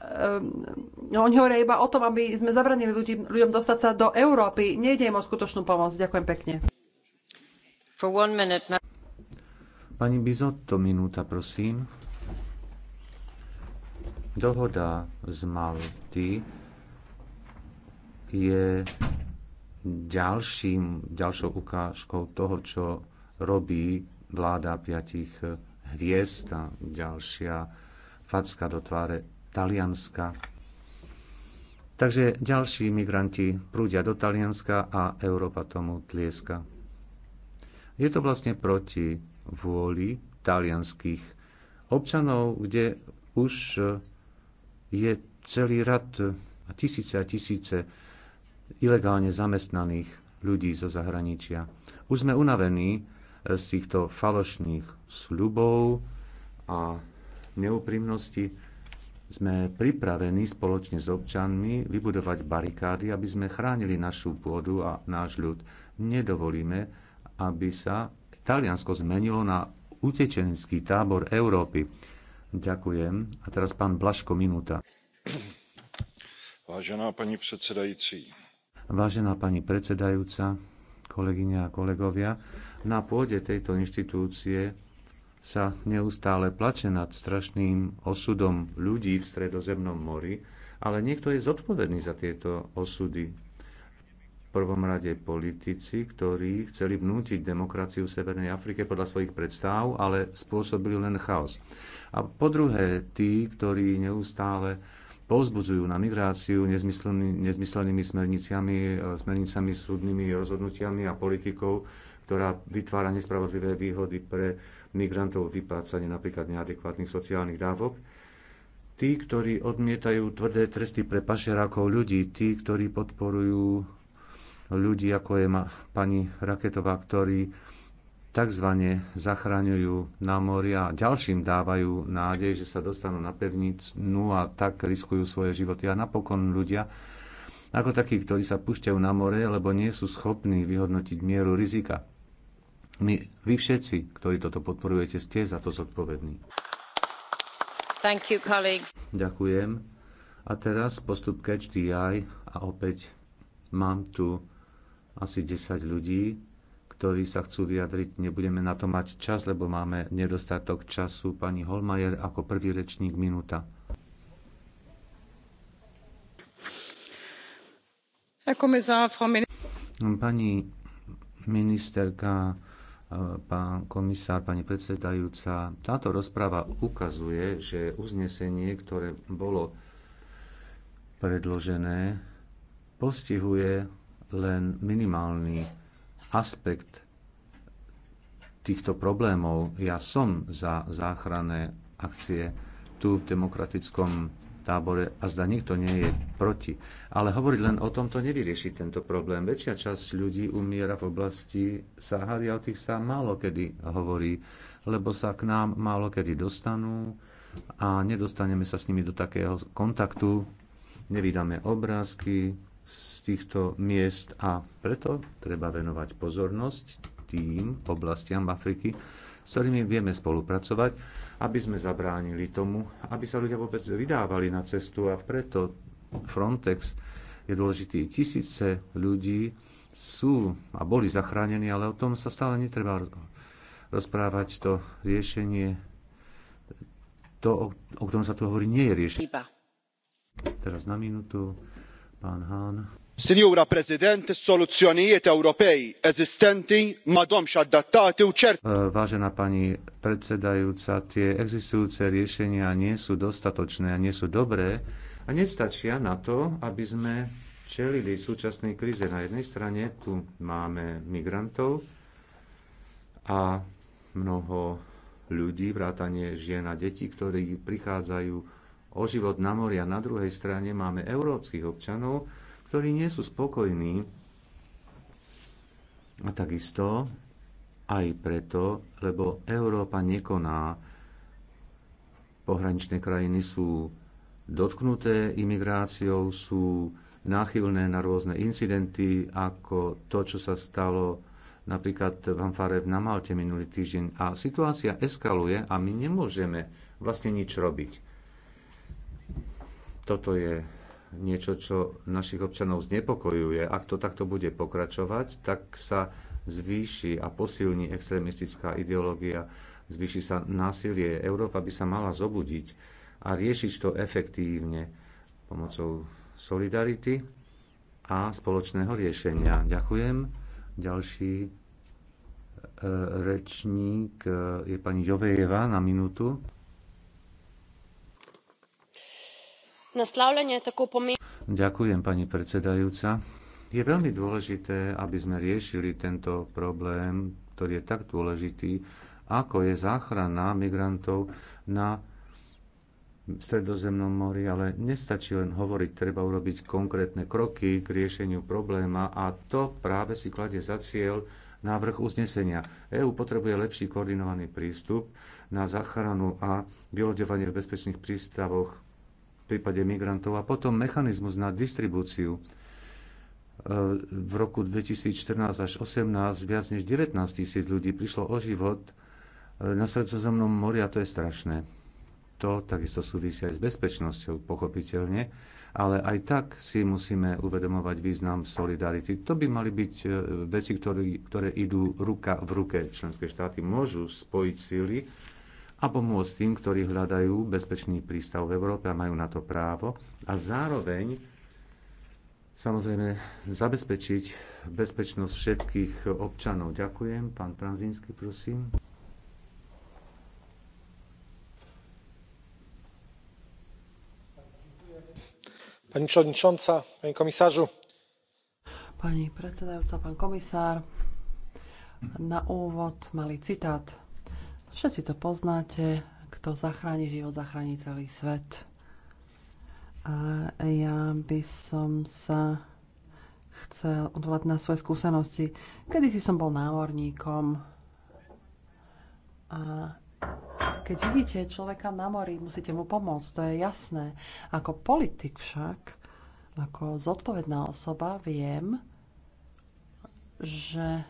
um, oni hovoria iba o tom, aby sme zabranili ľudí, ľuďom dostať sa do Európy. Nejde im o skutočnú pomoc. Ďakujem pekne. For one minute, ma- Pani Bizotto, minúta, prosím. Dohoda z Malty je ďalším, ďalšou ukážkou toho, čo robí vláda piatich eh, hviezd a ďalšia facka do tváre Talianska. Takže ďalší migranti prúdia do Talianska a Európa tomu tlieska. Je to vlastne proti vôli talianských občanov, kde už eh, je celý rad eh, a tisíce a tisíce ilegálne zamestnaných ľudí zo zahraničia. Už sme unavení z týchto falošných sľubov a neúprimnosti sme pripravení spoločne s občanmi vybudovať barikády, aby sme chránili našu pôdu a náš ľud. Nedovolíme, aby sa Taliansko zmenilo na utečenský tábor Európy. Ďakujem. A teraz pán Blaško, minúta. Vážená pani predsedajúci. Vážená pani predsedajúca, kolegyne a kolegovia. Na pôde tejto inštitúcie sa neustále plače nad strašným osudom ľudí v stredozemnom mori, ale niekto je zodpovedný za tieto osudy. V prvom rade politici, ktorí chceli vnútiť demokraciu v Severnej Afrike podľa svojich predstav, ale spôsobili len chaos. A po druhé, tí, ktorí neustále povzbudzujú na migráciu nezmyslenými smerniciami, e, smernicami, súdnymi rozhodnutiami a politikou, ktorá vytvára nespravodlivé výhody pre migrantov, vyplácanie napríklad neadekvátnych sociálnych dávok. Tí, ktorí odmietajú tvrdé tresty pre pašerákov ľudí, tí, ktorí podporujú ľudí, ako je ma, pani Raketová, ktorí tzv. zachraňujú na mori a ďalším dávajú nádej, že sa dostanú na pevnicu a tak riskujú svoje životy. A napokon ľudia, ako takí, ktorí sa pušťajú na more, lebo nie sú schopní vyhodnotiť mieru rizika. My, vy všetci, ktorí toto podporujete, ste za to zodpovední. Thank you, colleagues. Ďakujem. A teraz postup catch the eye a opäť mám tu asi 10 ľudí, ktorí sa chcú vyjadriť. Nebudeme na to mať čas, lebo máme nedostatok času. Pani Holmajer ako prvý rečník minúta. Pani ministerka, pán komisár, pani predsedajúca, táto rozpráva ukazuje, že uznesenie, ktoré bolo predložené, postihuje len minimálny aspekt týchto problémov. Ja som za záchranné akcie tu v demokratickom tábore a zda nikto nie je proti. Ale hovoriť len o tomto nevyrieši tento problém. Väčšia časť ľudí umiera v oblasti Sahary a o tých sa málo kedy hovorí, lebo sa k nám málo kedy dostanú a nedostaneme sa s nimi do takého kontaktu. Nevydáme obrázky, z týchto miest a preto treba venovať pozornosť tým oblastiam Afriky, s ktorými vieme spolupracovať, aby sme zabránili tomu, aby sa ľudia vôbec vydávali na cestu a preto Frontex je dôležitý. Tisíce ľudí sú a boli zachránení, ale o tom sa stále netreba rozprávať. To riešenie, to, o, ktorom sa tu hovorí, nie je riešenie. Teraz na minútu Pán Hán. Sinjura President, soluzzjonijiet Ewropej eżistenti madomx adattati u ċert. Eh, vážená pani predsedajúca, tie existujúce riešenia nie sú dostatočné a nie sú dobré a nestačia na to, aby sme čelili súčasnej kríze. Na jednej strane tu máme migrantov a mnoho ľudí, vrátanie žien a detí, ktorí prichádzajú o život na mori a na druhej strane máme európskych občanov, ktorí nie sú spokojní a takisto aj preto, lebo Európa nekoná. Pohraničné krajiny sú dotknuté imigráciou, sú náchylné na rôzne incidenty, ako to, čo sa stalo napríklad v Amfare na Malte minulý týždeň. A situácia eskaluje a my nemôžeme vlastne nič robiť. Toto je niečo, čo našich občanov znepokojuje. Ak to takto bude pokračovať, tak sa zvýši a posilní extrémistická ideológia, zvýši sa násilie. Európa by sa mala zobudiť a riešiť to efektívne pomocou solidarity a spoločného riešenia. Ďakujem. Ďalší e, rečník e, je pani Jovejeva na minútu. Ďakujem, pani predsedajúca. Je veľmi dôležité, aby sme riešili tento problém, ktorý je tak dôležitý, ako je záchrana migrantov na Stredozemnom mori, ale nestačí len hovoriť, treba urobiť konkrétne kroky k riešeniu probléma a to práve si kladie za cieľ návrh uznesenia. EÚ potrebuje lepší koordinovaný prístup na záchranu a vylodovanie v bezpečných prístavoch v prípade migrantov a potom mechanizmus na distribúciu. E, v roku 2014 až 2018 viac než 19 tisíc ľudí prišlo o život e, na Sredozemnom mori a to je strašné. To takisto súvisí aj s bezpečnosťou, pochopiteľne, ale aj tak si musíme uvedomovať význam solidarity. To by mali byť e, veci, ktoré, ktoré idú ruka v ruke. Členské štáty môžu spojiť síly a pomôcť tým, ktorí hľadajú bezpečný prístav v Európe a majú na to právo a zároveň samozrejme zabezpečiť bezpečnosť všetkých občanov. Ďakujem. Pán Pranzínsky, prosím. Pani przewodnicząca, pani komisážu. Pani predsedajúca, pán komisár, na úvod malý citát Všetci to poznáte, kto zachráni život, zachráni celý svet. A ja by som sa chcel odvolať na svoje skúsenosti. Kedy si som bol námorníkom a keď vidíte človeka na mori, musíte mu pomôcť, to je jasné. Ako politik však, ako zodpovedná osoba, viem, že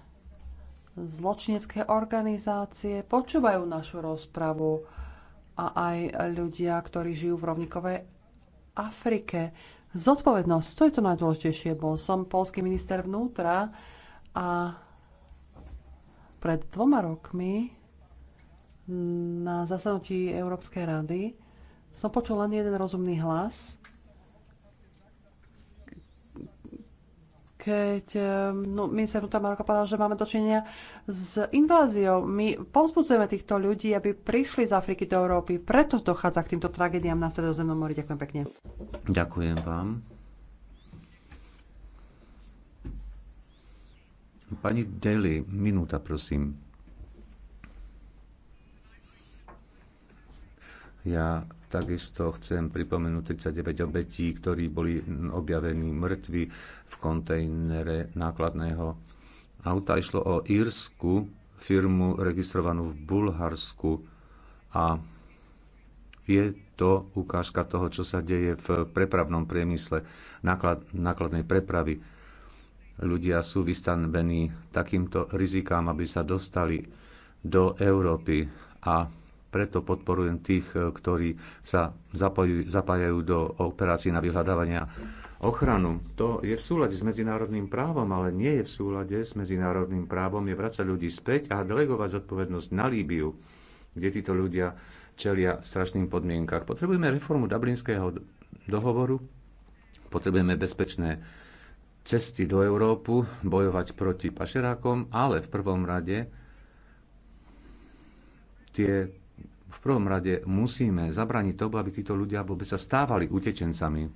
zločinecké organizácie počúvajú našu rozpravu a aj ľudia, ktorí žijú v rovnikovej Afrike. Zodpovednosť, to je to najdôležitejšie. Bol som polský minister vnútra a pred dvoma rokmi na zasadnutí Európskej rady som počul len jeden rozumný hlas keď eh, no, minister vnútra Maroka povedal, že máme dočinenia s inváziou. My povzbudzujeme týchto ľudí, aby prišli z Afriky do Európy. Preto dochádza k týmto tragédiám na Sredozemnom mori. Ďakujem pekne. Ďakujem vám. Pani Deli, minúta prosím. Ja takisto chcem pripomenúť 39 obetí, ktorí boli objavení mŕtvi v kontejnere nákladného auta. Išlo o írsku firmu registrovanú v Bulharsku a je to ukážka toho, čo sa deje v prepravnom priemysle náklad, nákladnej prepravy. Ľudia sú vystanbení takýmto rizikám, aby sa dostali do Európy a preto podporujem tých, e, ktorí sa zapojujú, zapájajú do operácií na vyhľadávania ochranu. To je v súlade s medzinárodným právom, ale nie je v súlade s medzinárodným právom je vrácať ľudí späť a delegovať zodpovednosť na Líbiu, kde títo ľudia čelia strašným podmienkach. Potrebujeme reformu Dublinského dohovoru, potrebujeme bezpečné cesty do Európu, bojovať proti pašerákom, ale v prvom rade tie v prvom rade musíme zabraniť tomu, aby títo ľudia vôbec sa stávali utečencami.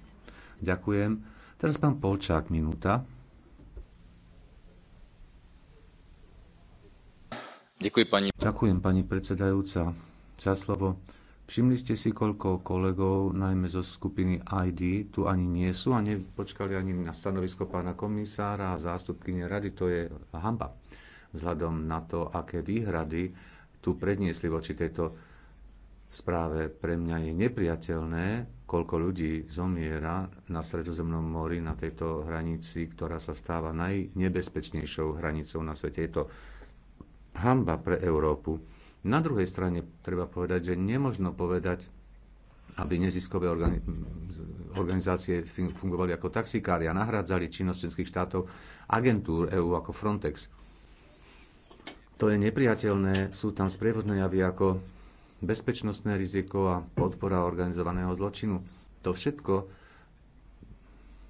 Ďakujem. Teraz pán Polčák, minúta. Ďakujem pani. Ďakujem pani predsedajúca za slovo. Všimli ste si, koľko kolegov, najmä zo skupiny ID, tu ani nie sú a nepočkali ani na stanovisko pána komisára a zástupkyne rady. To je hamba. Vzhľadom na to, aké výhrady tu predniesli voči tejto správe. Pre mňa je nepriateľné, koľko ľudí zomiera na Sredozemnom mori, na tejto hranici, ktorá sa stáva najnebezpečnejšou hranicou na svete. Je to hamba pre Európu. Na druhej strane treba povedať, že nemožno povedať, aby neziskové organizácie fungovali ako taxikári a nahrádzali činnosť členských štátov agentúr EÚ ako Frontex. To je nepriateľné, sú tam sprievodné javy ako bezpečnostné riziko a podpora organizovaného zločinu. To všetko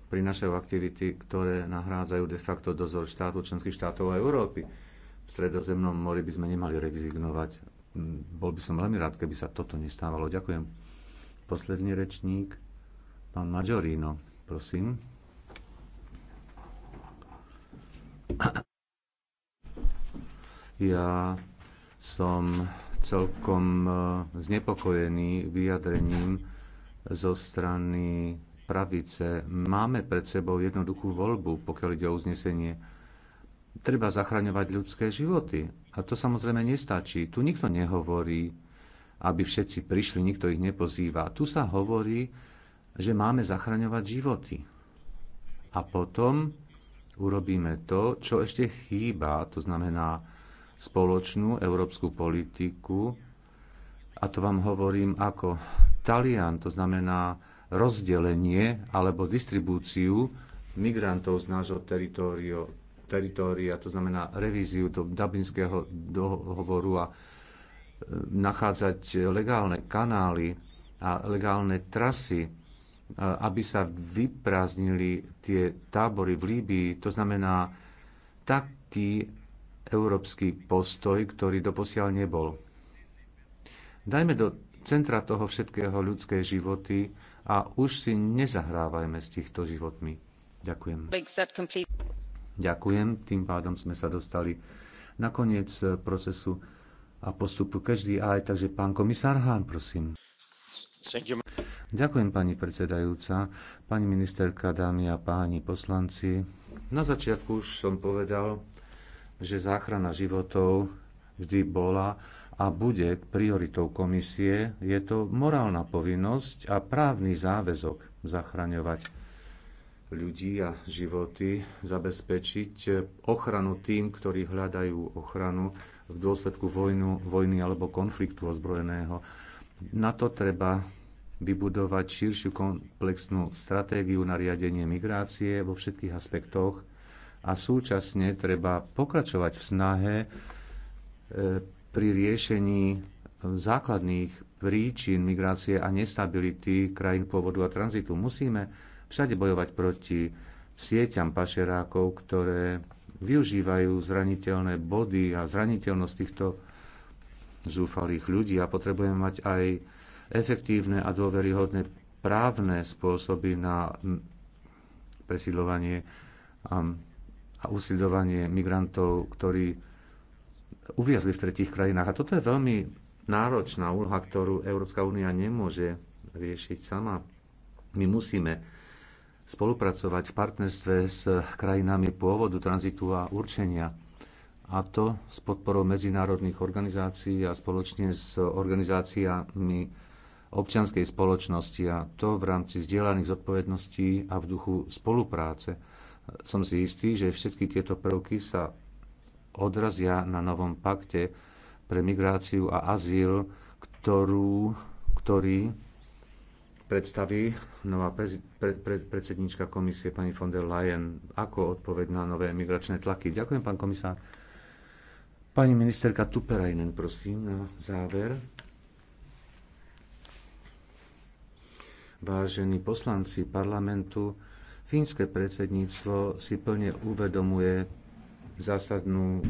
prinášajú aktivity, ktoré nahrádzajú de facto dozor štátu, členských štátov a Európy. V stredozemnom mori by sme nemali rezignovať. Bol by som veľmi rád, keby sa toto nestávalo. Ďakujem. Posledný rečník, pán Maggiorino, prosím. Ja som celkom e, znepokojený vyjadrením zo strany pravice. Máme pred sebou jednoduchú voľbu, pokiaľ ide o uznesenie. Treba zachraňovať ľudské životy. A to samozrejme nestačí. Tu nikto nehovorí, aby všetci prišli, nikto ich nepozýva. Tu sa hovorí, že máme zachraňovať životy. A potom urobíme to, čo ešte chýba, to znamená spoločnú európsku politiku. A to vám hovorím ako Talian, to znamená rozdelenie alebo distribúciu migrantov z nášho teritória, to znamená revíziu do Dublinského dohovoru a e, nachádzať legálne kanály a legálne trasy, e, aby sa vyprázdnili tie tábory v Líbii. To znamená taký európsky postoj, ktorý doposiaľ nebol. Dajme do centra toho všetkého ľudské životy a už si nezahrávajme s týchto životmi. Ďakujem. Ďakujem, tým pádom sme sa dostali na koniec eh, procesu a postupu každý aj, takže pán komisár Hán, prosím. Ďakujem, pani predsedajúca, pani ministerka, dámy a páni poslanci. Na začiatku už som povedal, že záchrana životov vždy bola a bude prioritou komisie. Je to morálna povinnosť a právny záväzok zachraňovať ľudí a životy, zabezpečiť ochranu tým, ktorí hľadajú ochranu v dôsledku vojnu, vojny alebo konfliktu ozbrojeného. Na to treba vybudovať širšiu komplexnú stratégiu na riadenie migrácie vo všetkých aspektoch a súčasne treba pokračovať v snahe e, pri riešení základných príčin migrácie a nestability krajín pôvodu a tranzitu. Musíme všade bojovať proti sieťam pašerákov, ktoré využívajú zraniteľné body a zraniteľnosť týchto zúfalých ľudí a potrebujeme mať aj efektívne a dôveryhodné právne spôsoby na presídlovanie a usidovanie migrantov, ktorí uviazli v tretích krajinách. A toto je veľmi náročná úloha, ktorú Európska únia nemôže riešiť sama. My musíme spolupracovať v partnerstve s krajinami pôvodu, tranzitu a určenia. A to s podporou medzinárodných organizácií a spoločne s organizáciami občianskej spoločnosti a to v rámci zdieľaných zodpovedností a v duchu spolupráce som si istý, že všetky tieto prvky sa odrazia na novom pakte pre migráciu a azyl, ktorú, ktorý predstaví nová prez, pre, pre, predsednička komisie pani von der Leyen ako odpoveď na nové migračné tlaky. Ďakujem, pán komisár. Pani ministerka Tuperajnen, prosím, na záver. Vážení poslanci parlamentu, Fínske predsedníctvo si plne uvedomuje zásadnú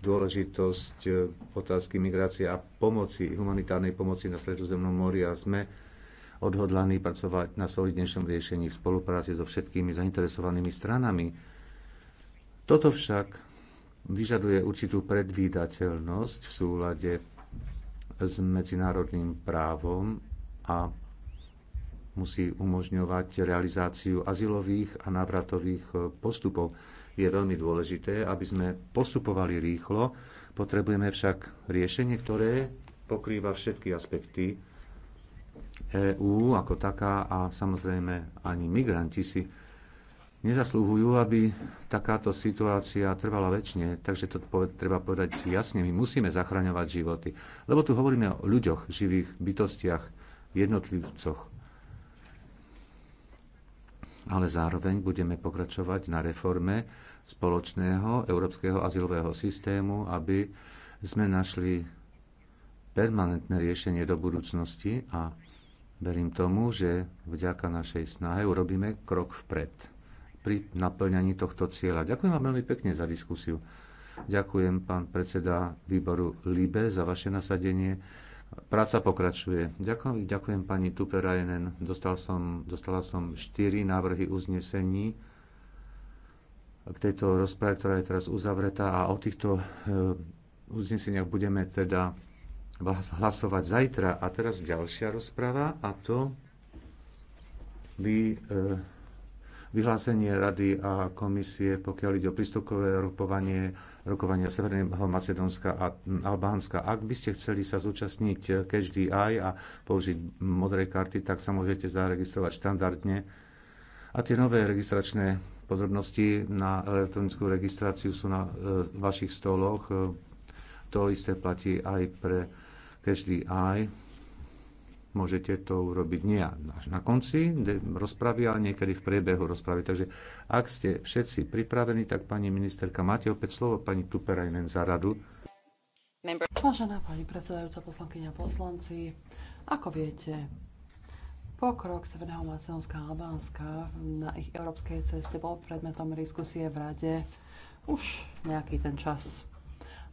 dôležitosť e, otázky migrácie a pomoci, humanitárnej pomoci na Stredozemnom mori a sme odhodlaní pracovať na solidnejšom riešení v spolupráci so všetkými zainteresovanými stranami. Toto však vyžaduje určitú predvídateľnosť v súlade s medzinárodným právom a musí umožňovať realizáciu azylových a návratových e, postupov. Je veľmi dôležité, aby sme postupovali rýchlo, potrebujeme však riešenie, ktoré pokrýva všetky aspekty EÚ ako taká a samozrejme ani migranti si nezaslúhujú, aby takáto situácia trvala väčšine, takže to treba povedať jasne, my musíme zachraňovať životy. Lebo tu hovoríme o ľuďoch, živých bytostiach, jednotlivcoch, ale zároveň budeme pokračovať na reforme spoločného európskeho azylového systému, aby sme našli permanentné riešenie do budúcnosti a verím tomu, že vďaka našej snahe urobíme krok vpred pri naplňaní tohto cieľa. Ďakujem vám veľmi pekne za diskusiu. Ďakujem, pán predseda výboru LIBE, za vaše nasadenie Práca pokračuje. Ďakujem, ďakujem pani Tuperajnen. Dostal som, dostala som štyri návrhy uznesení k tejto rozprave, ktorá je teraz uzavretá a o týchto e, uzneseniach budeme teda hlasovať zajtra. A teraz ďalšia rozprava a to by e, vyhlásenie Rady a komisie, pokiaľ ide o prístupkové rokovanie, rokovania Severného Macedónska a Albánska. Ak by ste chceli sa zúčastniť každý aj a použiť modré karty, tak sa môžete zaregistrovať štandardne. A tie nové registračné podrobnosti na elektronickú registráciu sú na e, vašich stoloch. E, to isté platí aj pre každý aj Môžete to urobiť nie až na konci rozpravy, ale niekedy v priebehu rozpravy. Takže ak ste všetci pripravení, tak pani ministerka, máte opäť slovo pani Tuperajnen za radu. Vážená pani predsedajúca, poslankyňa poslanci, ako viete, Pokrok Severného Macedónska a Albánska na ich európskej ceste bol predmetom diskusie v Rade už nejaký ten čas.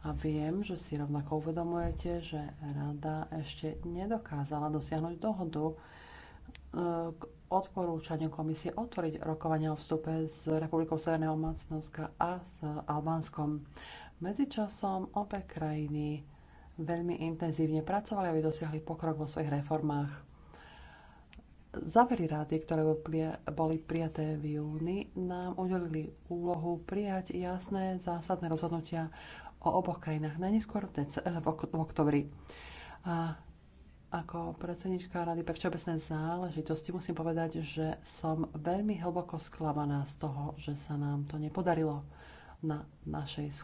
A viem, že si rovnako uvedomujete, že rada ešte nedokázala dosiahnuť dohodu e, k odporúčaniu komisie otvoriť rokovania o vstupe s Republikou Severného Macedónska a s Albánskom. Medzičasom obe krajiny veľmi intenzívne pracovali, aby dosiahli pokrok vo svojich reformách. Závery rady, ktoré boli prijaté v júni, nám udelili úlohu prijať jasné zásadné rozhodnutia o oboch krajinách, najneskôr v, eh, v oktobri. A ako predsednička Rady pre všeobecné záležitosti musím povedať, že som veľmi hlboko sklamaná z toho, že sa nám to nepodarilo na našej schôdzi.